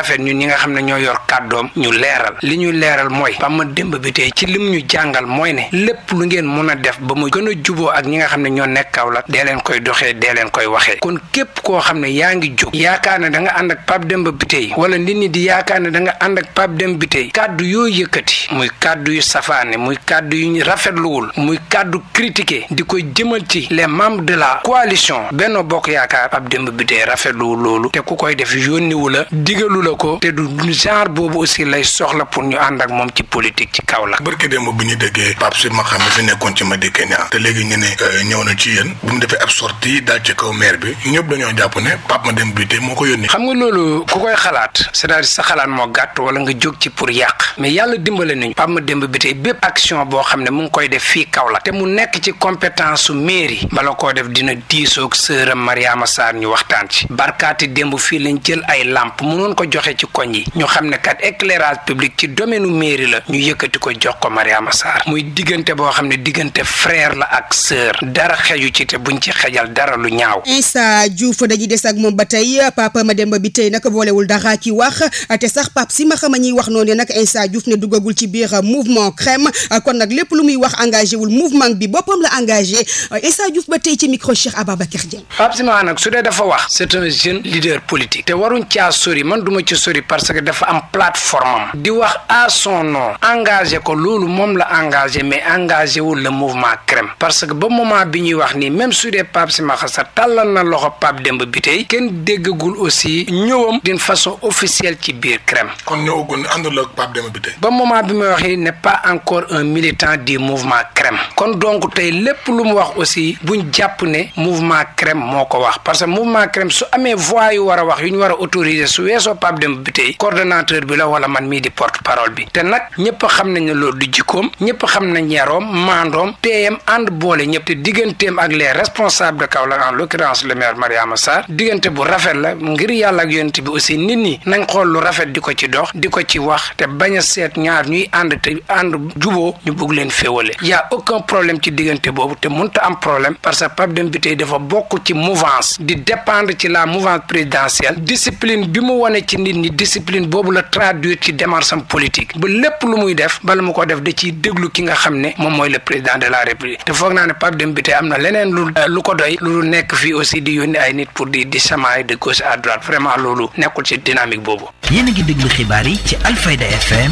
rafet ñun ñi nga xam ne ñoo yor kàddoom ñu leeral li ñu leeral mooy Bamba Demba bi tey ci lim ñu jàngal mooy ne lépp lu ngeen mun a def ba mu gën a juboo ak ñi nga xam ne ñoo nekk Kaolack dee leen koy doxee dee leen koy waxee kon képp koo xam ne yaa ngi jóg yaakaar ne danga ànd ak Pape Demba bi tey wala nit ñi di yaakaar ne da ànd ak Pape Demba bi kàddu yooyu yëkkati muy kàddu yu safaane muy kàddu yu ñu rafetluwul muy kàddu critiqué di koy jëmal ci les membres de la coalition benn Bokk Yaakaar Pape Demba bi tey rafetluwul loolu te ku koy def yónniwu la digalu la soxla ko te du genre boobu aussi lay soxla pour ñu ànd ak moom ci politique ci Kaolack. barke démb bi ñu déggee Pape Sir ma xam ne fi nekkoon ci Madické te léegi ñu euh, ñëw na ci yéen bu mu defee ab sortie ci kaw maire bi ñëpp dañoo jàpp ne Pape Mademba Bitèye moo ko yónni. xam nga loolu ku koy xalaat c'est-à-dire sa xalaat moo gàtt wala nga jóg ci pour yàq mais yàlla dimbale nañu Pape Mademba Bitèye bépp action boo xam ne mu ngi koy def fii la te mu nekk ci compétence su mairie bala koo def dina diisoog sëram Mariama Sarr ñu waxtaan ci barkaati démb fii lañ jël ay joxe ci koñ ñu xam ne kat éclairage public ci domaine u mairie la ñu yëkkati ko jox ko Mariama Sarr muy diggante boo xam ne diggante frère la ak sœur dara xeju ci te bu ci xejal dara lu ñaaw. Insa Diouf dañuy des ak moom ba tey Papa Mademba bi tey nag boolewul dara ci wax te sax Pape si ma xam ñuy wax noonu nag Insa Diouf ne duggagul ci biir mouvement crème kon nag lépp lu muy wax engagé wul mouvement bi boppam la engagé Insa Diouf ba tey ci micro Cheikh Ababacar Dieng. Pape Sima nag su dee dafa wax. c'est un jeune leader politique. te waruñ caa man duma ci sori parce que dafa am plateforme di wax à son nom engagé ko loolu moom la engagé mais engagé wul le mouvement parce que ba moment bi ñuy wax ni même su dee Pape Simakha Sarr tàllal na loxo Pape Demba bi tey kenn déggagul aussi ñëwam d'une façon officielle ci biir crème. kon ñëwagul àndul ak Pape Demba bi tey. ba moment bi may wax nii n'est pas encore un militant du mouvement crème kon donc tey lépp lu mu wax aussi buñ jàpp ne mouvement crème moo ko wax parce que mouvement crème a wax a dem bi tey bi la wala man mii di porte parole bi te nag ñëpp xam nañ ne loolu du jikkoom ñëpp xam nañ yaroom maandoom teeyam ànd boole ñëpp digganteem ak les responsables de Kaolack en l'occurrence le maire Mariama Sarr bu rafet la ngir yàlla ak yonent bi aussi nit ñi nañ xool lu rafet di ko ci dox di ko ci wax te bañ a seet ñaar ñuy ànd te ànd juboo ñu bëgg leen féewale y a aucun problème ci diggante boobu te mun mënta am problème parce que Pape Demba Bitèye dafa bokk ci mouvance di dépendre ci la mouvance présidentielle discipline bi mu wone ci nit ñi discipline boobu la traduire ci démarche am ba lépp lu muy def bala mu ko def da ci déglu ki nga xam ne moom mooy le président de la république te foog naa ne Pape Demba Bitèye am na leneen lu euh, ko doy lu nekk fii aussi di yónni ay nit pour di di samaay de gauche à droite vraiment loolu nekkul ci dynamique boobu. yéen a ngi déglu xibaar yi ci Alfayda FM.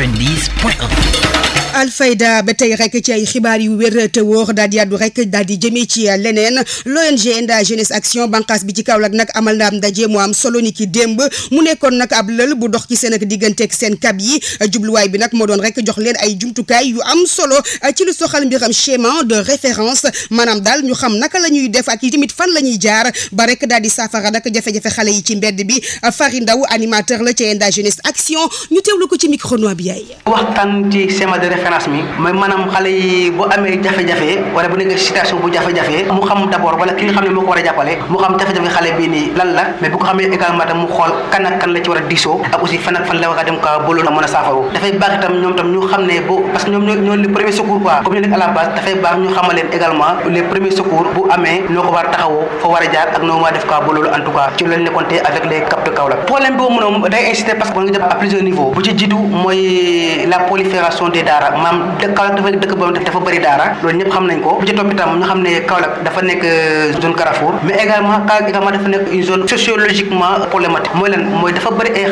90 point 1. ba tey rek ci ay xibaar yu wér te wóor daal di yàddu rek daal di jëmee ci leneen l'ONG Nda Jeunesse Action bànqaas bi ci Kaolack nag amal na am ndaje mu am solo ni ki démb mu nekkoon nag ab lël bu dox ci seen ak digganteeg seen kab yi jubluwaay bi nag moo doon rek jox leen ay jumtukaay yu am solo ci lu soxal mbiram schéma de référence maanaam daal ñu xam naka la ñuy def ak tamit fan la ñuy jaar ba rekk daal di saafara nag jafe-jafe xale yi ci mbedd bi Fari Ndaw animateur la ci Nda Jeunesse Action ñu Ndiaye. waxtaan ci schéma de référence mi mooy maanaam xale yi bu amee jafe-jafe wala bu nekk situation bu jafe-jafe mu xam d' abord ki nga xam ne mu xool kan la ci war a diisoo ak aussi fan ak la baax ñu xamal leen également les premiers secours bu amee noo ko war a taxawoo fa war a jaar ak noo war def ka ba en tout cas ci loolu nekkoon avec les cap de Kaolack problème boobu moom day insister parce que nga jëm à plusieurs niveaux bu ci la prolifération des daara maam dëkk Kaolack dafa nekk euh, zone Carrefour mais également Kaolack dafa nekk une zone sociologiquement dafa bëri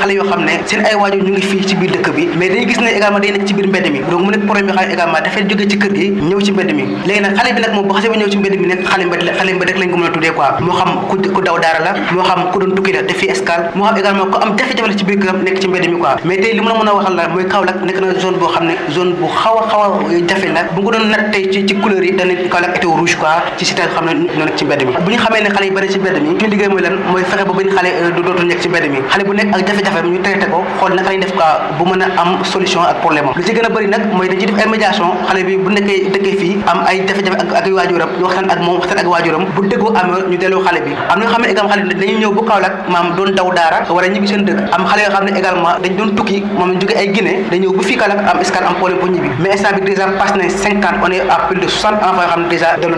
ci kër gi ñëw ci mbedd mi léegi nag xale bi nag moom bu xasee ñëw ci mbedd mi nekk xale mbedd lañ ko mën a tuddee quoi moo xam ku daw daara la moo xam ku doon tukki la te fii moo xam également ku am jafe-jafe ci biir këram nekk ci mbedd mi quoi mais tey li mu la mën a waxal la Kaolack nekk na zone boo xam ne zone bu xaw a xaw a jafe la bu nga doon nag tey ci ci couleur yi danañ Kaolack été rouge quoi ci cité xam ne a am solution ak problème am a xale bi na nga xam ne également xale dañuy ñëw maam doon daw daara wala ñibbi seen dëkk am xale yoo xam ne également dañ doon tukki moom jóge ay Guinée ne dañoo bu fii Kaolack am escale am problème bu ñibbi mais instant déjà passé nañ cinquante on est à de soixante enfants yoo xam ne déjà dellu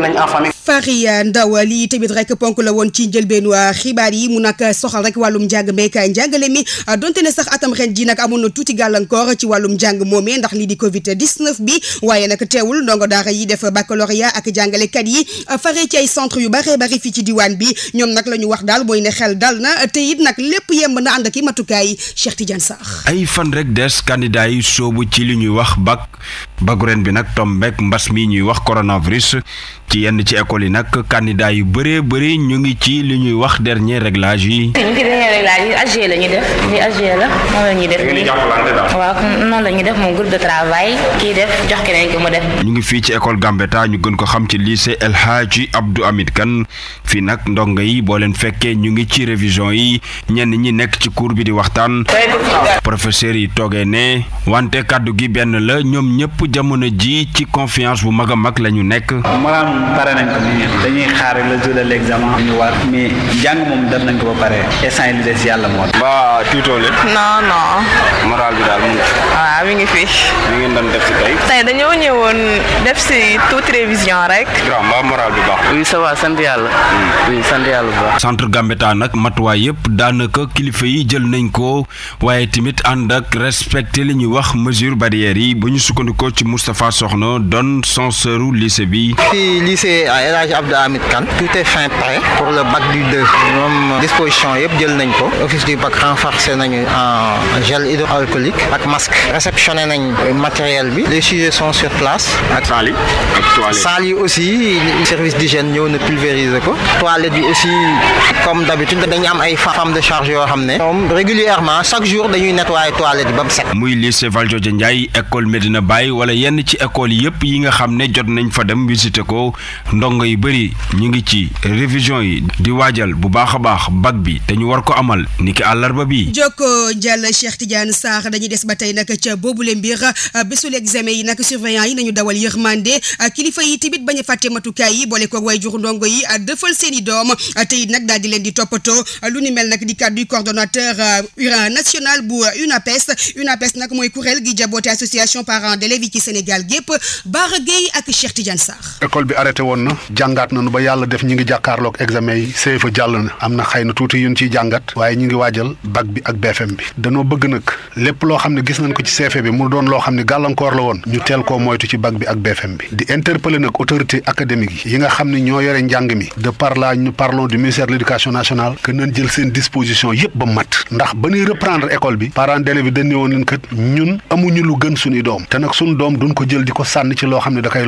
Faria Ndaw lii tamit rek ponk la woon ci njëlbeenu ah, xibaar yi mu nag soxal rek wàllum njàng meek njàngale mi ah, donte ne sax atam ren ji nag amoon na tuuti gàllankoor ci wàllum njàng moomee ndax lii di Covid 19 bi waaye nag teewul ndongo daara yi def baccalauréat ak jàngalekat yi ah, fare ci ay centre yu bare bari fii ci diwaan bi ñoom nag la ñu wax daal mooy ne xel dal na te it nag lépp yemb na ànd ak i matukaay Cheikh Tidiane sax ay fan rek des candidat yi soobu ci li ñuy wax bac bac ren bi nag tombeek mbas mi ñuy wax coronavirus ci protocole yi nag candidat yu bëree bëri ñu ngi ci li ñuy wax dernier réglage yi. ñu ngi def lii AG la moom la def. moom groupe de kii def jox keneen ki mu def. ñu ngi fii ci école Gambetta ñu gën ko xam ci lycée El Hadji Abdou Hamid Kane fii nag ndongo yi boo leen fekkee ñu ngi ci révision yi ñenn ñi nekk ci cours bi di waxtaan. professeur yi toogee ne wante kàddu gi benn la ñoom ñëpp jamono ji ci confiance bu mag a mag la ñu nekk. dañuy xaar le jour de l' examen ñu war mais jàng moom def nañ ko ba pare instant yi des yàlla moo tax. mbaa tiitoo leen. non non. moraal bi daal mu ngi fi. waaw mi ngi ngeen doon def si tey. tey dañoo ñëwoon def si tuuti révision rek. grand mbaa moral bi baax. oui ça va sant yàlla. Hmm. oui sant yàlla baax. centre Gambetta nag matuwaay yëpp daanaka kilifa yi jël nañ ko waaye tamit ànd ak respecte li ñuy wax mesure barrière yi bu ñu sukkandikoo ci Moustapha Soxna doon censeuru El Hadj Abdou Hamid tout est fin prêt pour le bac du 2 moom disposition yëpp jël nañ ko office du bac renforcé nañu en gel hydroalcoolique ak masque réceptionné nañ matériel bi le sujets sont sur place ak salle yi aussi service d'hygiène ñëw na pulvériser ko toilette bi aussi comme d'habitude dañu am ay femmes de charge yoo xam ne ñoom régulièrement chaque jour dañuy nettoyer toilette bi ba mu set muy lycée Valdiodio Ndiaye école Medina Baye wala yenn ci école yëpp yi nga xam ne jot nañ fa dem visiter ko ndong ndongo ñu ngi ci révision yi di waajal bu a baax bac bi te ñu war ko amal niki àllarba bi. Jokko Jàll Cheikh Tidiane Sarr dañuy des ba tey nag ca boobule mbir bésul examen yi nag surveillant yi nañu dawal yërmande kilifa yi tamit bañ a fàtte matukaay yi boole ko waajur ndongo yi dëfal seen i doom te nag daal di leen di toppatoo lu ni mel nag di kàddu uran euh, national bu UNAPES UNAPES nag mooy kuréel gi jaboote association parents d'élèves yi ci Sénégal gépp Bara Gueye ak Cheikh Tidiane Sarr. école bi arrêté woon na jàngaat nañu ba yàlla def ñi ngi jàkkaarloog examen yi CFA jàll na am na xëy na tuuti yuñ ciy jàngat waaye ñu ngi waajal bac bi ak BFM bi danoo bëgg nag lépp loo xam ne gis nañ ko ci CFA bi mu doon loo xam ne gàllankoor la woon ñu teel koo moytu ci bac bi ak BFM bi di interpeller nag autorité académique yi yi nga xam ne ñoo yore njàng mi de par là ñu parlons du ministère de l'éducation nationale que jël seen disposition yëpp ba mat ndax ba ñuy reprendre école bi parents d'élèves bi dañu woon lu gën suñuy doom te nag suñu doom duñ ko jël di ko sànni ci loo xam ne da koy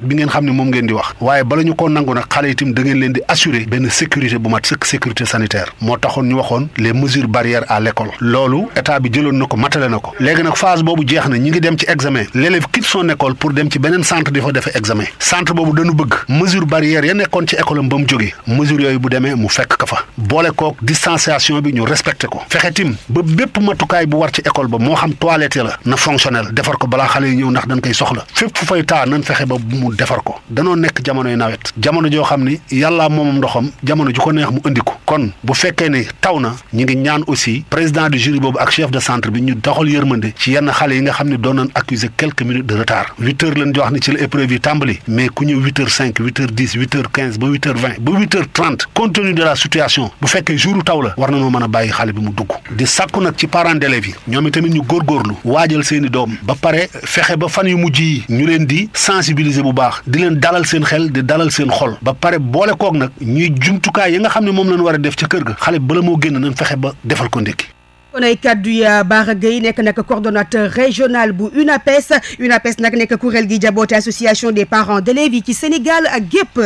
bi ngeen xam ne moom ngeen di wax waaye bala ñu koo nangu nag xale itam da ngeen leen di assurer benn sécurité bu mat sëkk sécurité sanitaire moo taxoon ñu waxoon les mesures barrières à l'école loolu état bi jëloon na ko matale na ko léegi nag phase boobu jeex na ñi ngi dem ci examen l'élève quitte son école pour dem ci beneen centre di fa defee examen centre boobu dañu bëgg mesure barrière ya nekkoon ci école ba mu jógee mesure yooyu bu demee mu fekk ka moo xam toilette la na fonctionnel defar ko balaa xale yi ñëw ndax dañ koy mu defar ko danoo nekk jamonoy nawet jamono joo xam ni yàllaa moomam ndoxam jamono ju ko neex mu indi ko kon bu fekkee ne taw na ñu ngi ñaan aussi président du jury boobu ak chef de centre bi ñu doxal yërmande ci yenn xale yi nga xam ne doon nañ accusé quelques minutes de retard huit heures lañ ni ci la épreuve yi tàmbali mais ku ñëw huit heures cinq huit ba huit ba huit heures de la situation bu fekkee jouru taw la war nañoo mën bàyyi bu baax di leen dalal seen xel di dalal seen xol ba pare boole koog nag ñuy jumtukaay yi nga xam ne moom lañ war a def ca kër ga xale bala moo génn nañ fexe ba defal ko ndékki kon ay kaddu ya Bara Gueye nekk nag coordonateur régional bu UNAPES UNAPES nag nekk kuréel gi jaboote association des parents d'élèves yi ci Sénégal ak gépp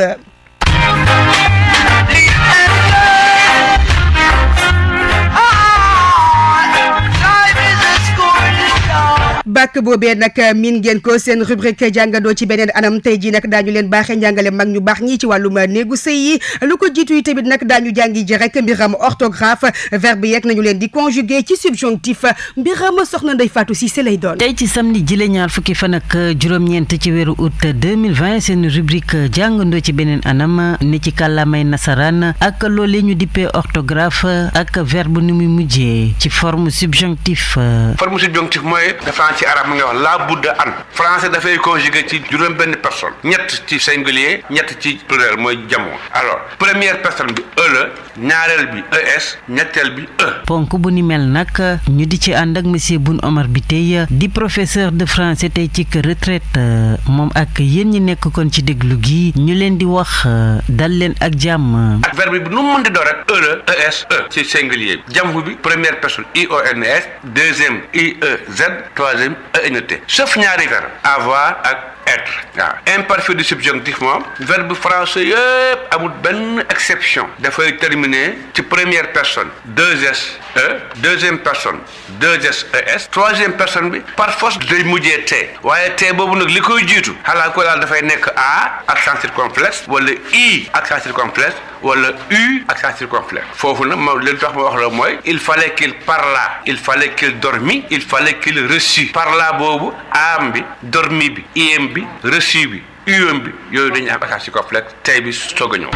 bàkk boobee nag euh, miin ngeen ko seen rubrique jàngadoo ci beneen anam tey jii nag daañu leen baaxee njàngale mag ñu baax ñi ci wàllum euh, néegu sëy yi lu ko jiitu yi tamit nag daañu jàngi ji rek mbiram orthographe verbe yeeg nañu leen di conjuguer ci subjonctif mbiram soxna Ndeye Fatou Cissé lay doon. tey ci samedi jile ñaar fukki fan ak euh, juróom-ñeent ci weeru août 2020 seen rubrique jàngandoo ci beneen anam ni ci kàllaamay nasaraan ak loolee ñu dippee orthographe ak verbe ni muy mujjee ci forme subjonctif. forme subjonctif mooy dafa ci arab mu ngi wax la budda an français dafay conjugué ci juróom benn personne ñett ci singulier ñett ci pluriel mooy jamoo alors première personne bi e ñaareel bi ES ñetteel bi E. ponk bu ni mel nag ñu di ci ànd ak monsieur bun Omar bi Biteye di professeur de français tey ci kër retraite moom ak yéen ñi nekk kon ci déglu gi ñu leen di wax dal leen ak jàmm. ak verbe bi nu mu mën di doo rek E la e, ES ci singulier bi jamhu bi première personne IONS e, deuxième IEZ troisième ENT sauf ñaari verbe avoir ak. être waaw imparfait du subjonctif moom verbe amul benn exception dafay terminer terminer ci première personne deux S E deuxième personne deux S E S troisième personne bi par force day mujjee T waaye T boobu nag li koy jiitu xalaa ko laal dafay nekk A accent circonflexe wala I accent circonflexe wala U ak accent circonflexe foofu na moom li tax ma wax la mooy il fallait qu'il parlât il fallait qu'il dormît il fallait qu'il reçût parlât boobu am bi dormi bi im bi reçu bi UEM bi yooyu dañuy am attaque ci complexe tey bi soog a ñëw.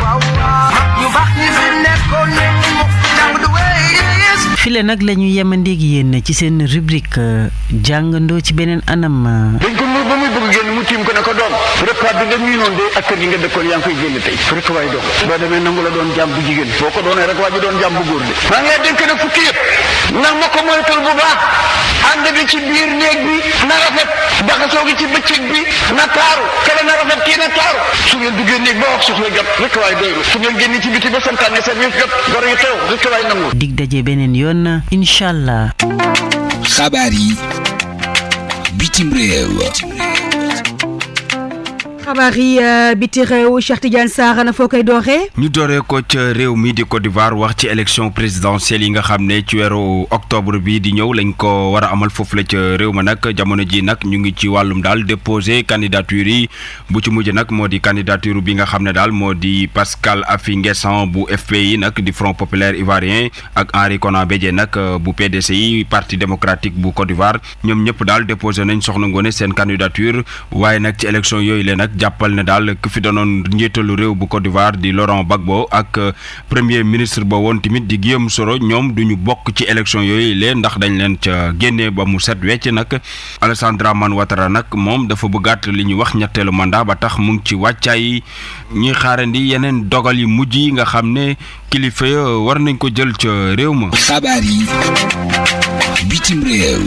file nag lañuy ñu yemandeeg ci seen rubrique euh, jàngandoo ci beneen anam. Euh. mu tiim ko ne ko doom repas bi nga ñuy noon de ak kër gi nga dëkkoon yaa ngi koy génn tey rek waay doom boo demee nangu la doon jàmm bu jigéen boo ko doonee rek waa ji doon jàmm bu góor de maa ngi lay dénk nag fukki yëpp ndax ko moytal bu baax ànd bi ci biir néeg bi na rafet daxasoo gi ci bëccëg bi na taaru kala na rafet kii na taaru su ngeen duggee néeg ba wax soxla jot rek waay doyru su ngeen génn ci biti ba santaane service jot gor yi teew rek waay nangu dig daje beneen yoon incha yi bitim réew xabaar yi euh, biti réew Cheikh Tidiane Sarr na foo koy dooree. ñu dooree ko ca réew mi di Côte d'Ivoire wax ci élection présidentielle yi nga xam ne ci weeru octobre bi di ñëw lañ ko war a amal foofu la ca réew ma nag jamono ji nag ñu ngi ci wàllum daal déposé candidature yi bu ci mujj nag moo di candidature bi nga xam ne daal moo di Pascal Affi N'Guessan bu FPI nag di Front Populaire Ivoirien ak Henri Konan Bédié nag euh, bu PDCI Parti démocratique bu Côte d'Ivoire ñoom ñëpp daal déposé nañ soxna Ngoné seen candidature waaye nag ci élection yooyu la nag jàppal na daal ku fi danoon njiitalu réew bu Côte d'Ivoire di Laurent bo ak euh, premier ministre ba woon tamit di Guillaume Soro ñoom du ñu bokk ci élection yooyu lee ndax dañ leen ca génnee ba mu set wecc nag Alassane man Ouattara nag moom dafa bëggaat li ñuy wax ñetteelu mandat ba tax mu ngi ci wàccaay yi ñuy xaarandi yeneen dogal yi mujj yi nga xam ne kilifa ya war nañ ko jël ca réew ma. xabaar yi. bitim réew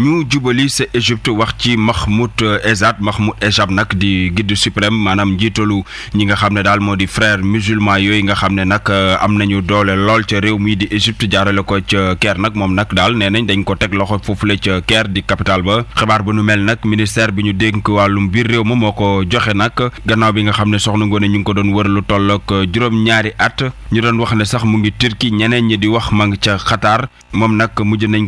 ñu jubali sa Égypte wax ci Mahmoud Ezzat Mahmoud Ezzat nag di guide suprême maanaam njiitalu ñi nga xam ne daal moo di frère musulman yooyu nga xam ne nag euh, am nañu doole lool ca réew mii di Égypte jaarale ko ca Caire nag moom nag daal nee nañ dañ ko teg loxo foofule ca ker di capitale ba xibaar ba nu mel nag ministère bi ñu dénk wàllum biir réew ma moo ko joxe nag gannaaw bi nga xam ne soxna Ngoone ñu ngi ko doon wër lu tollook juróom ñu doon wax ne sax mu ngi Turquie ñeneen ñi di wax ma ca Qatar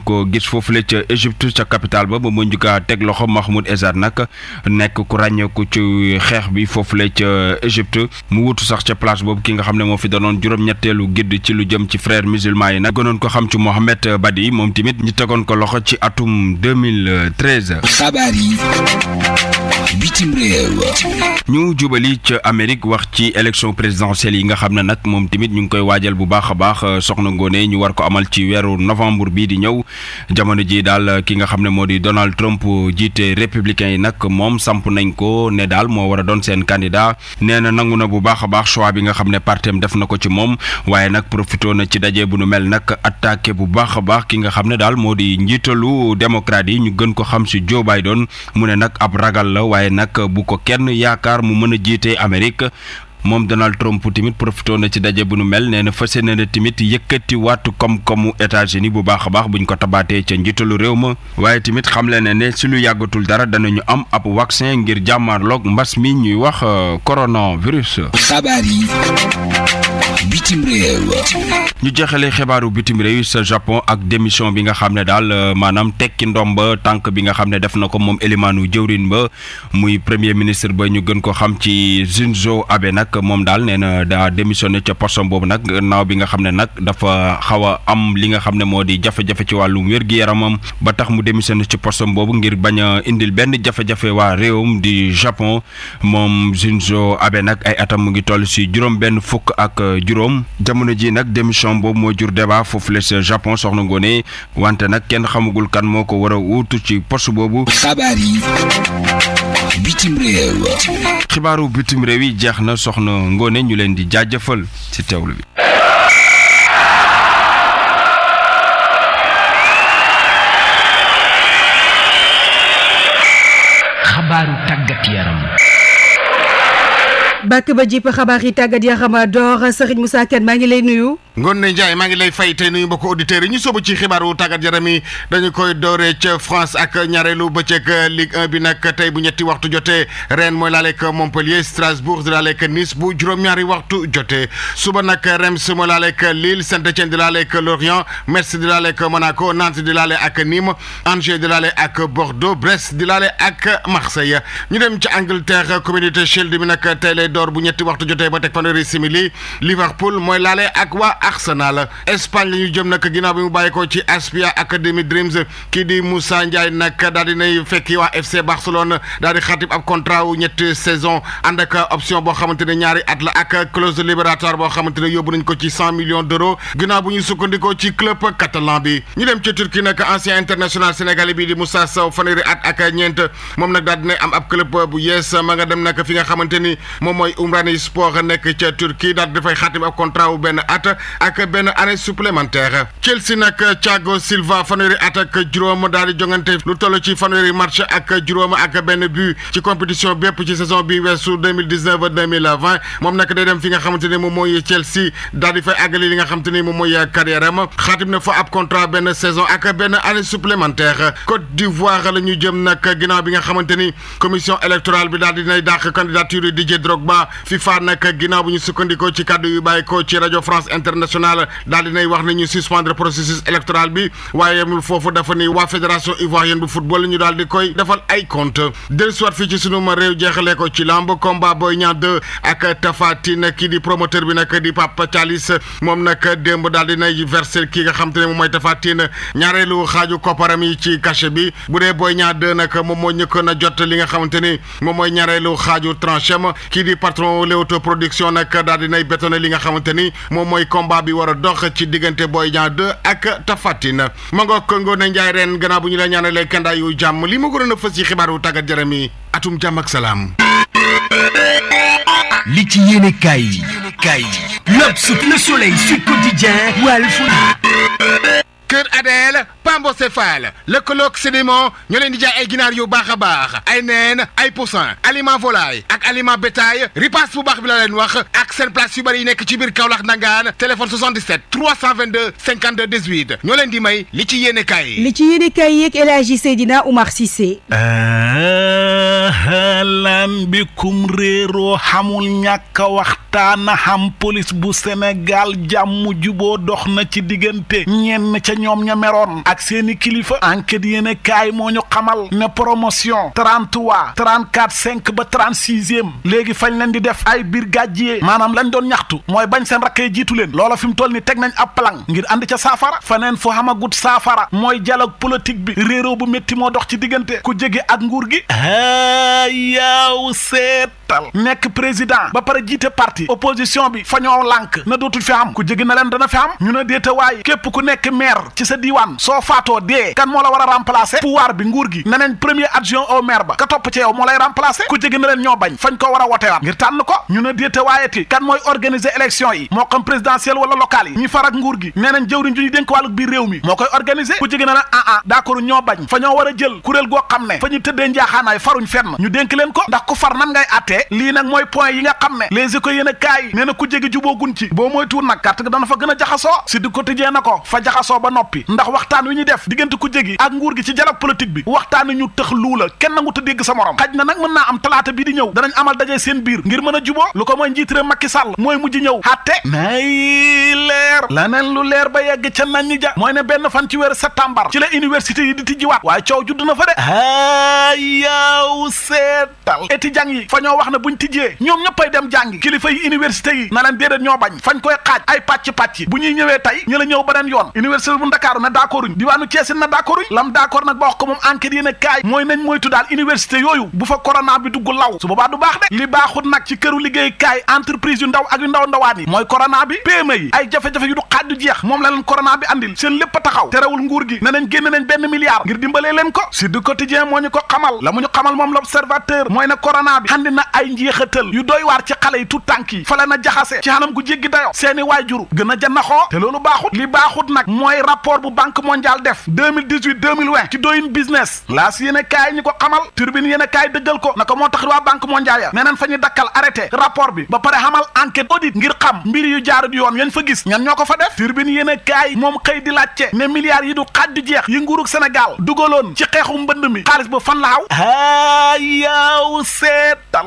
ko gis foofule ca Égypte ca capitale ba ba mujj gaa teg loxo Mahmoud Ezzat nag nekk ku ràññeeku ci xeex bi foofu foofule ca Égypte mu wutu sax ca place boobu ki nga xam ne moo fi danoon juróom-ñetteelu gidd ci lu jëm ci frère musulman yi nag gënoon ko xam ci Mohamed Badi moom tamit ñu tegoon ko loxo ci atum 2013. xabaar yi. bitim réew ñu jubali ca Amérique wax ci élection présidentielle yi nga xam ne nag moom tamit ñu ngi koy waajal bu baax a baax euh, soxna ngoone ñu war ko amal ci weeru novembre bii di ñëw jamono ji daal euh, ki nga xam ne moo di Donald Trump euh, jiite républicain yi nag moom samp nañ ko ne daal moo war a doon seen candidat nee na nangu na bu baax a baax choix bi nga xam ne partem def na ko ci moom waaye nag profité na ci daje bu nu mel nag attaqué bu baax a baax ki nga xam ne daal moo di njiitalu démocrate ñu gën ko xam si Joe waaye nag bu ko kenn yaakaar mu mën a jiite Amérique moom Donald Trump tamit profité na ci daje bu nu mel nee na fas yéene na tamit yëkkati waatu koom-koomu États-Unis bu baax a baax buñ ko tabaatee ca njiitalu réew ma waaye tamit xamle na ne si lu yàggatul dara danañu am ab vaccin ngir jàmmaarloog mbas mi ñuy wax euh, coronavirus. xabaar bitim réew ñu jeexalee xibaaru bitim réew sa Japon ak démission bi nga xam ne daal euh, maanaam tekki ba tànk bi nga xam ne def na ko moom élimaanu jëwrin ba muy premier ministre ba ñu gën ko xam ci Shinzo Abe nag moom daal nee na daa démissionné ca poste boobu nag naaw bi nga xam ne nag dafa xaw a am li nga xam ne moo di jafe-jafe ci wàllum wér-gi-yaramam ba tax mu démissionné ci poste boobu ngir bañ a indil benn jafe-jafe waa réewum di Japon moom Shinzo nag ay mu ngi toll si juróom fukk ak juróom jamono ji nag démission boobu moo jur débat foofu la sa Japon soxna ngoone wante nag kenn xamagul kan moo ko war a wuutu ci poste boobu. xabaar yi bitim réew. bitim réew yi jeex na soxna ngoone ñu leen di jaajëfal ci teewlu bi. xabaaru bàkk ba jip xabaar yi tàggat yaa xama door Serigne mu Kane maa ngi lay nuyu Ngoné Ndiaye maa ngi lay fay tey nuyu mbokku auditeurs yi ñu sóobu ci xibaaru tàggat yaram yi dañu koy dooree ca France ak ñaareelu bëccëg Ligue 1 bi nag tey bu ñetti waxtu jotee Rennes mooy laaleeg Montpellier Strasbourg di laaleeg Nice bu juróom-ñaari waxtu jotee suba nag Reims mooy laaleeg Lille Saint-Étienne di laaleeg Lorient Metz di laaleeg Monaco Nantes di laale ak Nîmes Angers di laale ak Bordeaux Brest di laale ak Marseille ñu dem ci Angleterre Community Shield bi nag tey lay door bu ñetti waxtu jotee ba teg fanweeri simili Arsenal Espagne la ñu jëm nag ginnaaw bi mu bàyyeekoo ci Aspia Academy Dreams kii di Moussa Ndiaye nag daal di nay fekki waa FC Barcelone daal di xatib ab contrat wu ñetti saison ànd ak option boo xamante ne ñaari at la ak clause libératoire boo xamante ne yóbbu nañ ko ci cent millions d'euros ginnaaw bu ñu sukkandikoo ci club catalan bi ñu dem ci Turquie nag ancien international sénégalais bii di Moussa Sow fanweeri at ak ñeent moom nag daal dinay am ab club bu yees ma nga dem nag fi nga xamante ni moom mooy Umrani Sport nekk ca Turquie daal di dafay xaatim ab wu benn at ak benn année supplémentaire Chelsea nag Thiago Silva fanweeri at ak juróom daal di jongante lu toll ci fanweeri match ak juróom ak benn but ci compétition bépp ci saison bi weesu deux mille dix neuf deux mille vingt moom nag day dem fi nga xamante ne moom mooy Chelsea daal di fay àggali li nga xamante ni moom mooy carrière am xaatim na fa ab contrat benn saison ak benn année supplémentaire Côte d'Ivoire la ñu jëm nag ginnaaw bi nga xamante ni commission électorale bi daal di nay dàq candidature Didier Drogba FIFA nag ginnaaw bu ñu sukkandikoo ci kàddu yu bàyyi ko ci rajo France Internationale nationale daal dinay wax ne ñu suspendre processus électoral bi waaye foofu dafa ni waa fédération ivoirienne bu football ñu daal koy defal ay compte del soit fii ci sunu ma réew jeexalee ko ci lamb combat Boy Niang 2 ak Tapha Tine kii di promoteur bi nag di Papa Thialis moom nag démb daal dinay verser kii nga xam te ne moom mooy Tapha Tine ñaareelu xaaju kopparam yi ci cachet bi bu dee Boy Niang 2 nag moom moo ñëkkoon a jot li nga xamante ni moom mooy ñaareelu xaaju tranché ma kii di patron Leewtoo production nag daal dinay bétonné li nga xamante ni combat bi war a dox ci diggante Boy Niang 2 ak Tapha Tine ma nga ko Ngoné Ndiaye ren gannaaw bu ñu la ñaanalee kandaa yu jàmm li ma gënoon a fës ci xibaaru tàggat yaram yi atum jàmm ak salaam. li ci yéene kaay yi. yéene kaay yi. L'Obs, Le Soleil, Sud Quotidien, Walf. Kër Adel Pambo Céphale lëkkaloog sédiment ñoo leen di jaay ay ginaar yu baax a baax ay neen ay poussin aliment volaille ak aliment bétail ripaas bu baax bi la leen wax ak seen place yu nekk ci biir Kaolack Ndangaan téléphone 77 322 52 18 ñoo leen di may li ci yéene kaay. li ci yéene kaay yeeg El Hadji Seydina Oumar Cissé. Euh, halaan bikum réeroo xamul ñàkk a waxtaana xam police bu Sénégal jàmm juboo dox na ci diggante ñenn ca ñoom ña meroon ak seeni kilifa enquête yéene kaay moo ñu xamal ne promotion 33 34 5 ba 36e léegi fañ leen di def ay biir gàjjee maanaam lañ doon ñaxtu mooy bañ seen rakkee jiitu leen loola fi mu toll ni teg nañ ab plan ngir ànd ca saafara faneen fu xamagut saafara mooy dialogue politique bi réeroo bu métti moo dox ci diggante ku jege ak nguur gi yow seet njiital nekk président ba pare jiite parti opposition bi fa ñoo lànk na dootul fi am ku jege leen dana fi am ñu ne déeta waaye képp ku nekk maire ci sa diiwaan soo faatoo dee kan moo la war a bi nguur gi neneen premier adjoint au maire ba topp ci yow moo lay remplacer ku jege na leen ñoo bañ fañ ko war a woteewaat ngir tànn ko ñu ne déeta waayeti kan mooy organiser élection yi moo xam présidentielle wala locale yi ñi far ak gi neneen jëwriñ ju ñu dénk wàllu réew mi moo koy organiser ku jege na leen ah, ah ñoo bañ fa ñoo war a jël kuréel goo xam ne fa ñu tëddee njaaxaanaay faruñ fenn ñu denk leen ko ndax ku far nan ngay attee lii nag mooy point yi nga xam ne les écoles yéen a kaay nee ku jege juboogun ci boo mooy tuur nag carte dana fa gën a jaxasoo si di quotidien na ko fa jaxasoo ba noppi ndax waxtaan wi ñuy def diggante ku jege ak nguur gi ci dialogue politique bi waxtaan wi ñu tëx luu la kenn nangu ta dégg sa morom xaj na nag mën naa am talaata bi di ñëw danañ amal dajee seen biir ngir mën a juboo lu ko mooy njiitare Macky Sall mooy mujj ñëw xatte nay leer laneen lu leer ba yegg ca nañ ñi ja mooy ne benn fan ci weeru septembre ci la université yi di tijjiwaat waaye coow judd na fa de aayaw seetal étudiants yi fa ñoo wax na buñ tijjee ñoom ñëppay dem jàngi kilifa yi université yi na leen déedéet ñoo bañ fañ koy xaaj ay pàcc-pàcc bu ñuy ñëwee tey ñu la ñëw beneen yoon université bu Ndakaaru na d'accorduñ diwaanu Ceesin na d'accorduñ lam d'accord nag ba wax ko moom enquête yéen a kaay mooy nañ moytu daal université yooyu bu fa corona bi dugg law su boobaa du baax de li baaxut nag ci këru liggéey kaay entreprise yu ndaw ak yu ndaw ndawaan yi mooy corona bi PME ay jafe-jafe yu du jeex moom la leen bi andil seen lépp taxaw terewul nguur gi ne nañ génn nañ benn milliard ngir dimbalee leen ko si du quotidien moo ñu ko xamal la mu ñu xamal moom bi andi ay njeexatal yu doy waar ci xale yi tu tànk yi na jaxase ci xanam gu jéggi dayo seeni waajur gën a jannaxoo te baaxut li baaxut nag mooy rapport bu banque mondiale def 2018 2020 ci doyin business laas yéen a kaay ñi ko xamal turbine yéen a kaay dëggal ko moo tax waa banque mondiale ya nee fa ñu dakkal arrêté rapport bi ba pare xamal enquête audit ngir xam mbir yu jaarut yoon yañ fa gis ñan ñoo ko fa def turbine yéen moom xëy di laajte ne milliards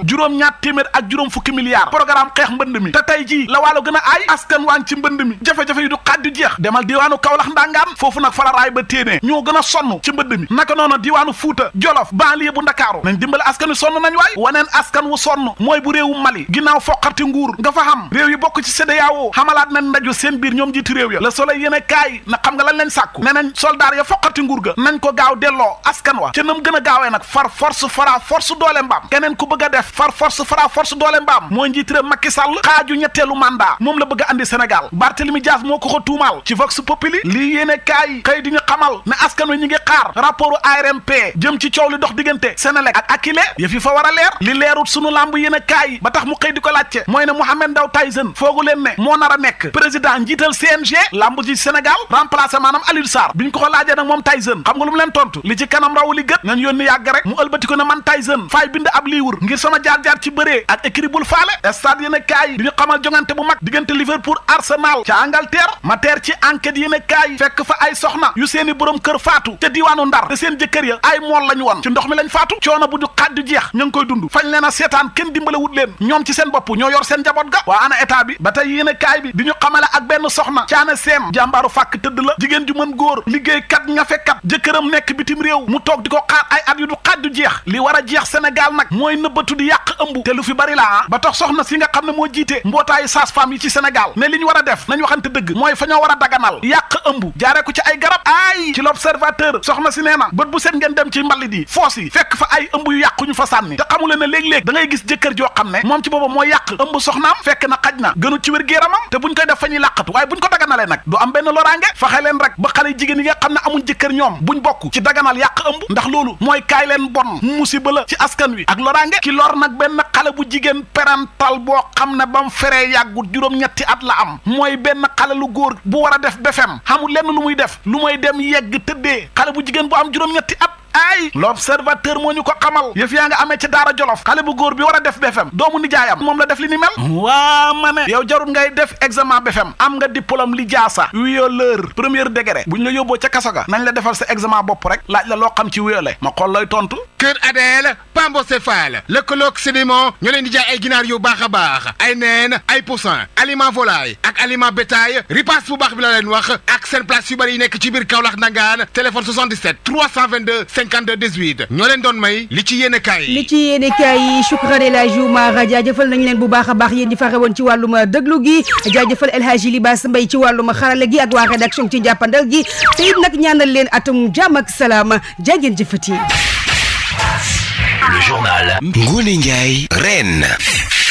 yi juróom-ñaat téeméer ak juróom fukki milliards programme xeex mbënd mi te tey jii la waalo gën a aay askan waan ci mbënd mi jafe-jafe yi du xaddu jeex demal diiwaanu Kaolack ndangaan foofu nag fala raay ba téenee ñoo gën a sonn ci mbënd mi naka diiwaanu Fuuta Jolof banlieue bu Ndakaaru nañ dimbale askan wi sonn nañ waay waneen askan wu sonn mooy bu réewu Mali ginnaaw foqarti nguur nga fa xam réew yi bokk ci CEDEAO xamalaat nañ ndaju seen biir a a gaawee nag par force fara force doole mbaam mooy njiitëram Macky Sall xaaju ñetteelu mandat moom la bëgg andi Sénégal Barthélemy Dias moo ko ko tuumaal ci Vox Populi lii yéene kaay xëy di ñu xamal ne askan wi ñu ngi xaar rapportu ARMP jëm ci coow li dox diggante Sénélec ak Akilee yëf fa war leer li leerut sunu làmb yéene kaay ba tax mu xëy di ko laajte mooy ne Mohamed Ndao Tyson foogu leen ne moo nar a nekk président njiital CNG làmb ji ci kanam raw jaar-jaar ci bëree ak écrit bul faale stade yéen a kaay duñu xamal jongante bu mag diggante Liverpool Arsenal ca Angleterre ma teer ci enquête yéen a kaay fekk fa ay soxna yu seeni borom kër faatu ca diiwaanu Ndar te seen jëkkër ya ay mool lañu woon ci ndox mi lañ faatu coono bu du xaaj jeex ñu ngi koy dund fañ leen a seetaan kenn dimbale wut leen ñoom ci seen bopp ñoo yor seen njaboot ga waa ana état bi ba tey yéen a kaay bi di ñu xamale ak benn soxna caana seem jàmbaaru fàkk tëdd la jigéen ju mën góor liggéey kat nga fekkat jëkkëram nekk bitim réew mu toog di ko xaar ay at yu jeex li war a jeex Sénégal nag mooy nëbbatu yàq dàq ëmb te lu fi bari la ah tax soxna si nga xam ne moo jiite mbootaayu sages-femmes yi ci Sénégal ne li ñu war a def nañ waxante dëgg mooy a daganal ëmb jaare ko ci ay garab aay ci l'observateur soxna si nee na bët bu set ngeen dem ci mbalit yi foos yi fekk fa ay ëmb yu yàqu ñu fa sànni te xamule ne léeg-léeg da ngay gis jëkkër joo xam ne moom ci booba moo yàq ëmb soxnaam fekk na xaj na gënu ci wér géeramam te buñ koy def fa ñuy làqatu waaye buñ ko daganalee nag du am benn loraange faxe leen rek ba xale jigéen yi nga xam ne amuñ jëkkër ñoom buñ bokk ci daganal yàq ëmb ndax loolu mooy kaay leen bon musiba la ci askan wi ak loraange ki lor nag benn xale bu jigéen parental boo xam ne bam mu feree yàggut juróom-ñetti at la am mooy benn xale lu góor bu war a def befem xamul lenn lu muy def lu may dem yegg tëddee xale bu jigéen bu am juróom-ñetti at ay l'observateur moo ñu ko xamal yëf yaa nga amee ci daara jolof xale bu góor bi war a def BFEM doomu nijaayam moom la def li ni mel waa ma ne yow jarul ngay def examen BFEM am nga diplôme li jaasa violeur premier degré bu ñu la yóbboo ca kaso ga nañ la defal sa examen bopp rek laaj la loo xam ci viole ma xool tontu Kër Adel Pambo Céphale lëkkaloog sédiment ñoo leen di jaay ay ginaar yu baax a baax ay neen ay poussin aliment volaille la leen wax ak seen place yu bëri yi nekk ci biir Kaolack nangaan cinquante ñoo leen doon may li ci yéene kaay yi li ci yéene kaay jaajëfal nañ leen bu baax a baax yéen di faxe woon ci wàllum déglu gi jaajëfal El li Libaas Mbay ci wàllum xarale gi ak waa rédaction ci njàppandal gi te it nag ñaanal leen atum jàmm ak salaama jaageen jëfati Le journal Ngoné Ndiaye Reine